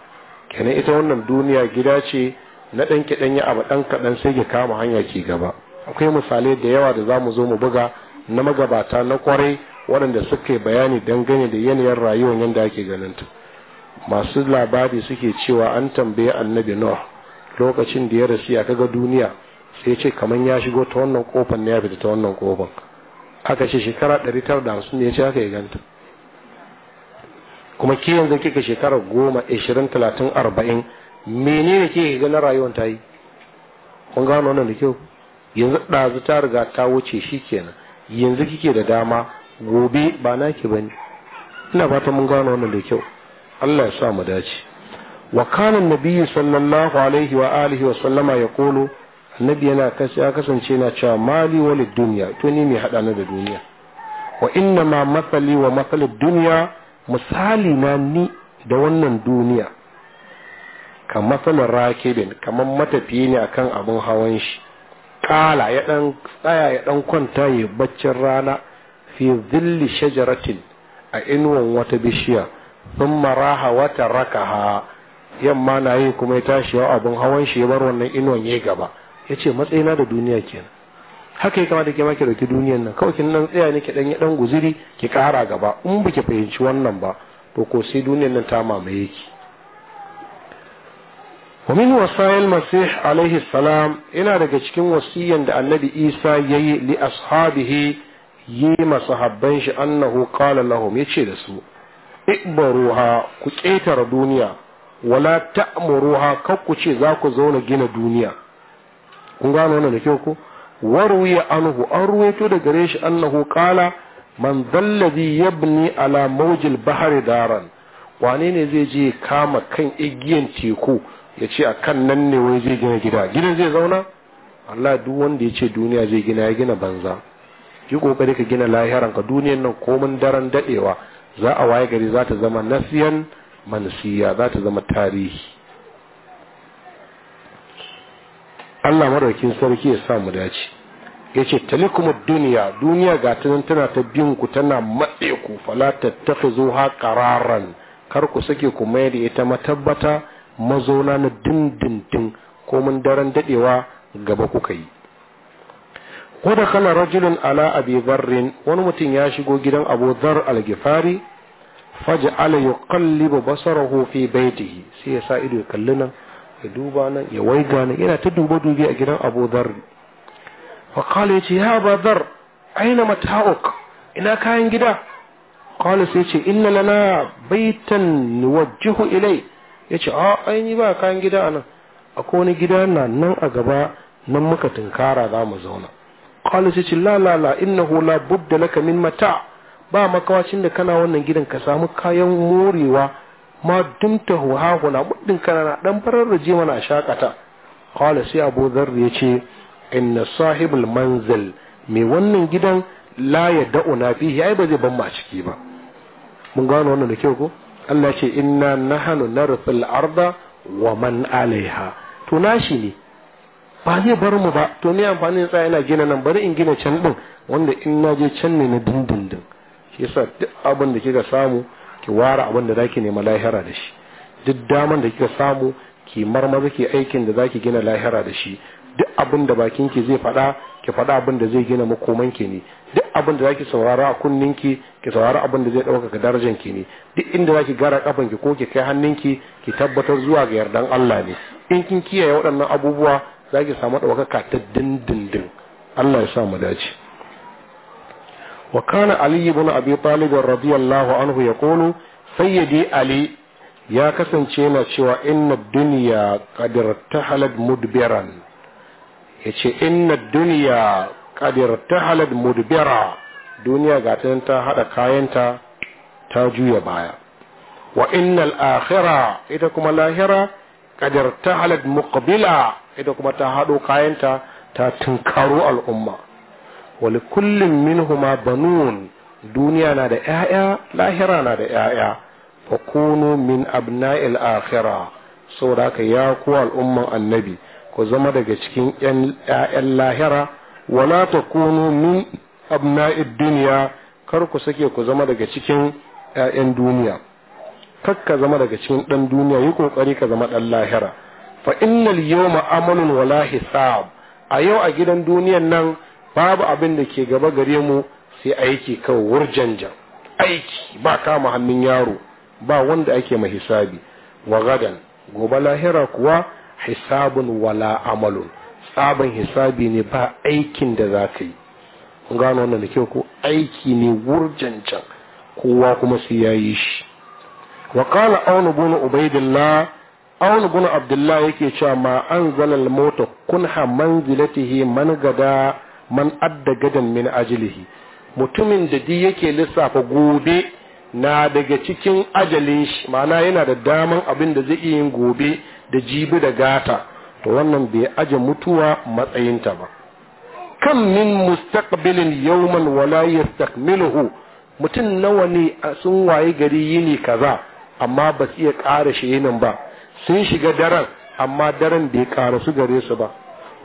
kenan ita wannan duniya gida ce na ɗan kiɗan ya abu ɗan kaɗan sai ya kama hanya ke gaba akwai misalai da yawa da zamu zo mu buga na magabata na kwarai waɗanda suka yi bayani dangane da yanayin rayuwar yadda ake ganinta masu labari suke cewa an tambaye annabi nuh lokacin da ya rasu ya kaga duniya sai ya ce kamar ya shigo ta wannan kofar ne ya fita ta wannan kofar aka ce shekara da hamsin ne ya ce aka yi ganta kuma ke yanzu kika shekara goma ashirin talatin arba'in menene ke ga na rayuwar ta yi kun gano wannan da kyau yanzu ɗazu ta riga ta wuce shi kenan yanzu kike da dama gobe ba na ba bane ina fata mun gano wannan da kyau Allah ya sa mu dace wa kana annabi sallallahu alaihi wa alihi wa sallama kolo annabi yana ya kasance yana cewa mali walid duniya to ni mai hada da duniya wa inna ma mathali wa mathalid duniya. misali na ni da wannan duniya kamar sanin rakibin kamar matafiya ne akan abin hawan shi kala ya dan tsaya ya dan kwanta ya baccin rana fi zilli shajaratin a inuwan wata bishiya sun maraha wata rakaha yamma na yi kuma ya tashi yau abin hawan shi ya bar wannan inuwan ya gaba ya ce matsayina da duniya kenan haka ya kamata ke ma ki dauki duniyan nan kawai kin nan tsaya ne ki dan ya dan guziri ki kara gaba in biki fahimci wannan ba to ko sai duniyan nan ta mamaye ki wa min wasayil masih alaihi salam yana daga cikin wasiyan da annabi isa yayi li ashabihi yi masahabban shi annahu qala lahum yace da su ibaruha ku ƙetare duniya wala ta'muruha kar ku ce za ku zauna gina duniya kun gano wannan da kyau ko waruya anhu an ruwaito da gare shi annahu qala man dalladhi yabni ala mawjil bahri daran wane ne zai je kama kan igiyan teku ya ce a nan ne wai zai gina gida gidan zai zauna Allah duk wanda ya ce duniya zai gina ya gina banza ki kokari ka gina lahiran ka duniyan nan komin daren dadewa za a waye gari za ta zama nasiyan mansiya za ta zama tarihi Allah madaukin sarki ya sa mu dace yace talikum duniya duniya ga tunan tana ta biyun ku tana matse ku fala ha qararan kar ku sake ku mai da ita matabbata mazauna na dindindin ko mun daren dadewa gaba kuka yi ko da kana rajulun ala abi barrin wani mutum ya shigo gidan abu dhar al-gifari faj'ala yuqallibu basarahu fi baitihi sai ya sa ido ya kalli nan ya duba nan ya waiga nan yana ta duba dubi a gidan Abu Dharr fa qala yace ya Abu Dharr aina mata'uk ina kayan gida qala sai yace inna lana baitan nuwajjihu ilai yace a ah, aini ba kayan gida anan akwai wani gida na nan a gaba nan muka tunkara za mu zauna qala sai yace la la la innahu la budda laka min mata' ba makawacin da kana wannan gidan ka samu kayan morewa ma dumta huha na muddin kana na dan farar da jima na shakata qala sai abu dharr yace inna sahibul manzil me wannan gidan la ya na fihi ai ba zai ban ma ciki ba mun gano wannan da kyau ko Allah ce inna nahnu narfil arda wa man alaiha to shi ne ba zai bar mu ba to ni amfani da tsaya ina gina nan bari in gina can din wanda in na je can ne na dindindin shi yasa duk abin da kika samu ki ware abin da zaki nema lahira da shi duk daman da kika samu ki marmaza ki aikin da zaki gina lahira da shi duk abin da bakin ki zai faɗa ki faɗa abin da zai gina makoman ki ne duk abin da zaki saurara a kunnin ki ki saurara abin da zai ɗaukaka darajar ki ne duk inda zaki gara kafan ki ko ki kai hannun ki ki tabbatar zuwa ga yardan Allah ne in kin kiyaye waɗannan abubuwa zaki samu ɗaukaka ta dindindin Allah ya sa mu dace وكان علي بن أبي طالب رضي الله عنه يقول سيدي علي يا كسن شينا شوى إن الدنيا قد ارتحلت مدبرا يشي إن الدنيا قد ارتحلت مدبرا دنيا قاتلن تا هذا كاين تا تاجو يبايا وإن الآخرة إذا كما الآخرة قد ارتحلت مقبلة إذا كما تهادو كاين تا تنكروا الأمة wali kullum minhuma banun duniya na da ‘ya'ya lahira na da ‘ya'ya fa kunu min abna'il akhira saboda haka ya kuwa al'umman annabi ku zama daga cikin ‘ya'yan lahira wala ta kunu min abna'id duniya kar ku sake ku zama daga cikin ‘ya'yan duniya kar ka zama daga cikin ɗan duniya yi kokari ka zama ɗan lahira fa innal yawma amalun wala hisab a yau a gidan duniyan nan babu abin da ke gaba gare mu sai aiki kawai wurjanja aiki ba kama hannun yaro ba wanda ake ma hisabi wa gadan gobe lahira kuwa hisabun wala amalun tsaban hisabi ne ba aikin da za ka yi kun gano wannan da kyau ko aiki ne wurjan jan kowa kuma sai ya yi shi wa kala aunu bin ubaidillah aunu abdullah yake cewa ma zalal mota kun kunha manzilatihi man gada man adda gadan min ajilihi mutumin da di yake lissafa gobe na daga cikin ajalin shi ma'ana yana da daman abin da zai iya yin gobe da jibi da gata to wannan bai aje mutuwa matsayinta ba kan min mustaqbilin yawman wala yastakmiluhu mutum nawa ne sun waye gari yini kaza amma ba su iya ƙara shi yinin ba sun shiga daren amma daren bai ƙara su gare su ba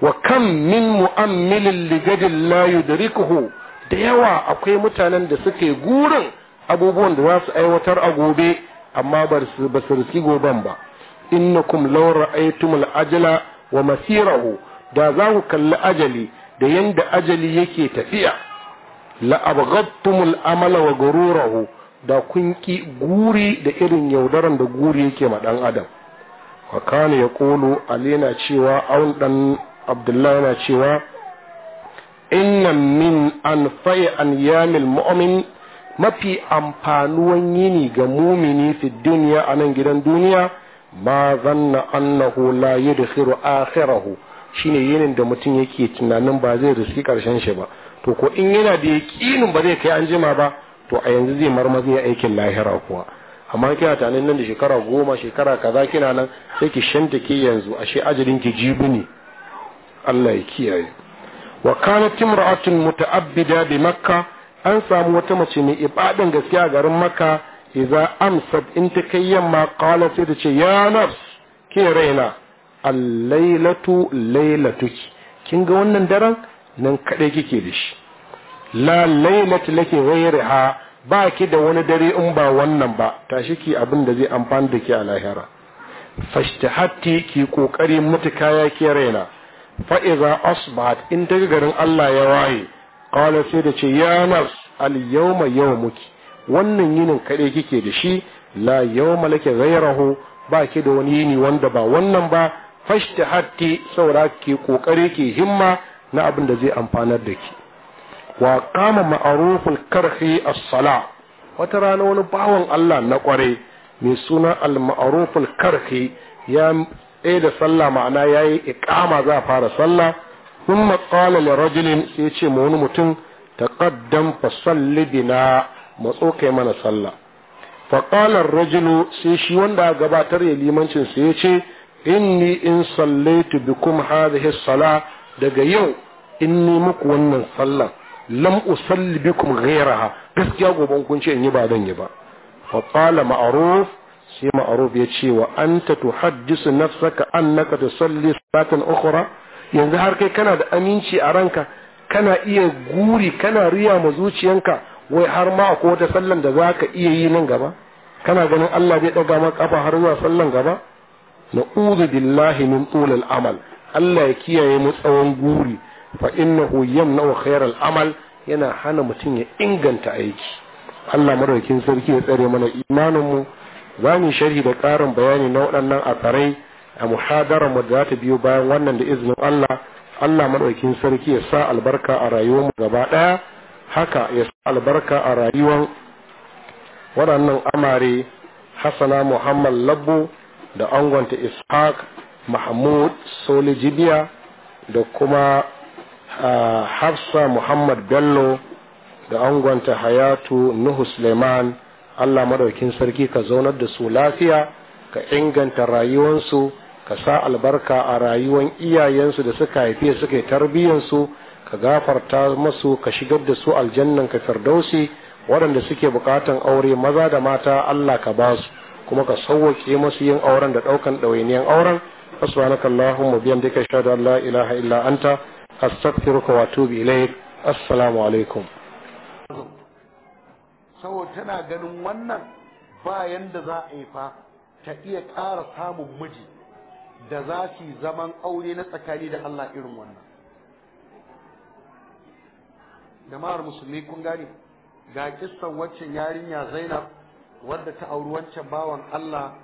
wa kam min mu'ammilin ligadin la yudrikuhu da yawa akwai mutanen da suke gurin abubuwan da za su aiwatar a gobe amma ba su riski goben ba innakum law ra'aytumul ajala wa masirahu da za ku kalli ajali da yanda ajali yake tafiya la abghadtumul amala wa gururahu da kun ki guri da irin yaudaran da guri yake ma dan adam wa kana yaqulu alina cewa aun dan abdullahi yana cewa inna min an an yamil mu'min mafi amfanuwan yini ga mumini fi duniya a nan gidan duniya ma zanna annahu la yudkhiru akhirahu shine yinin da mutum yake tunanin ba zai riski karshen shi ba to ko in yana da yakinin ba zai kai an jima ba to a yanzu zai marmaza ya aikin lahira kuwa amma kina tunanin nan da shekara goma shekara kaza kina nan sai ki shanta ke yanzu ashe ajalin ki jibi ne Allah ya kiyaye wa kana timra'atun muta'abbida bi makka an samu wata mace mai ibadan gaskiya garin makka idza amsad in ta kai yamma qala sai ta ce ya nafs ke raina al-lailatu lailatuki kin ga wannan daren nan kadai kike da shi la lailatu laki ghayriha ba ki da wani dare in ba wannan ba tashi ki abin da zai amfani da ki a lahira fashtahatti ki kokari mutuka ya ki raina fa idza asbahat in daga garin Allah ya waye qala sai da ce ya nas al yawma yawmuki wannan yinin kaɗai kike da shi la yawma laki ghayrahu ba ki da wani yini wanda ba wannan ba fashtahatti saura ke kokare ke himma na abin da zai amfanar da ki wa qama ma'ruful karhi as-sala wata rana wani bawan Allah na kware mai suna al-ma'ruful karhi ya ɗaya da sallah ma'ana ya yi iƙama za a fara sallah sun maƙala da rajulin sai ce ma wani mutum taƙaddam fa salli bina matso kai mana sallah faƙalar rajulu sai shi wanda a gabatar ya limancin sai ya ce inni in sallaitu bikum hadhihi sala daga yau in ni muku wannan sallah lam usalli bikum ghayraha gaskiya gobe kun ce in yi ba dan yi ba faƙala ma'ruf ma'ruf ya ce wa anta tuhaddisu nafsaka annaka tusalli salatan ukhra yanzu har kai kana da aminci a ranka kana iya guri kana riya ma zuciyanka wai har ma akwai wata sallan da zaka iya yi nan gaba kana ganin Allah zai daga maka kafa har zuwa sallan gaba na'udhu billahi min tulil amal Allah ya kiyaye mu tsawon guri fa innahu yamna'u khairal amal yana hana mutum ya inganta aiki Allah madaukin sarki ya tsare mana imanin mu za mu sharhi da ƙarin bayani na waɗannan asarai a muhadarar mu da za ta biyo bayan wannan da izinin Allah Allah maɗaukin sarki ya sa albarka a rayuwar mu gaba ɗaya haka ya sa albarka a rayuwar waɗannan amare Hassana Muhammad Labbo da angonta Ishaq Mahmud Soli Jibiya da kuma Hafsa Muhammad Bello da angonta Hayatu Nuhu Suleiman Allah madaukin sarki ka zaunar da su lafiya ka inganta rayuwansu ka sa albarka a rayuwan iyayensu da suka haife suka yi tarbiyyansu ka gafarta masu ka shigar da su aljannan ka firdausi waɗanda suke buƙatan aure maza da mata Allah ka ba su kuma ka sauwaƙe masu yin auren da ɗaukan ɗawainiyan auren subhanaka allahumma bihamdika ashhadu an la ilaha illa anta astaghfiruka wa atubu ilaik assalamu alaikum saboda tana ganin wannan bayan da za a yi fa ta iya ƙara samun miji da za su zaman aure na tsakani da Allah irin wannan jama'ar musulmi kun gane ga kissan waccan yarinya Zainab wadda ta auri wancan bawan Allah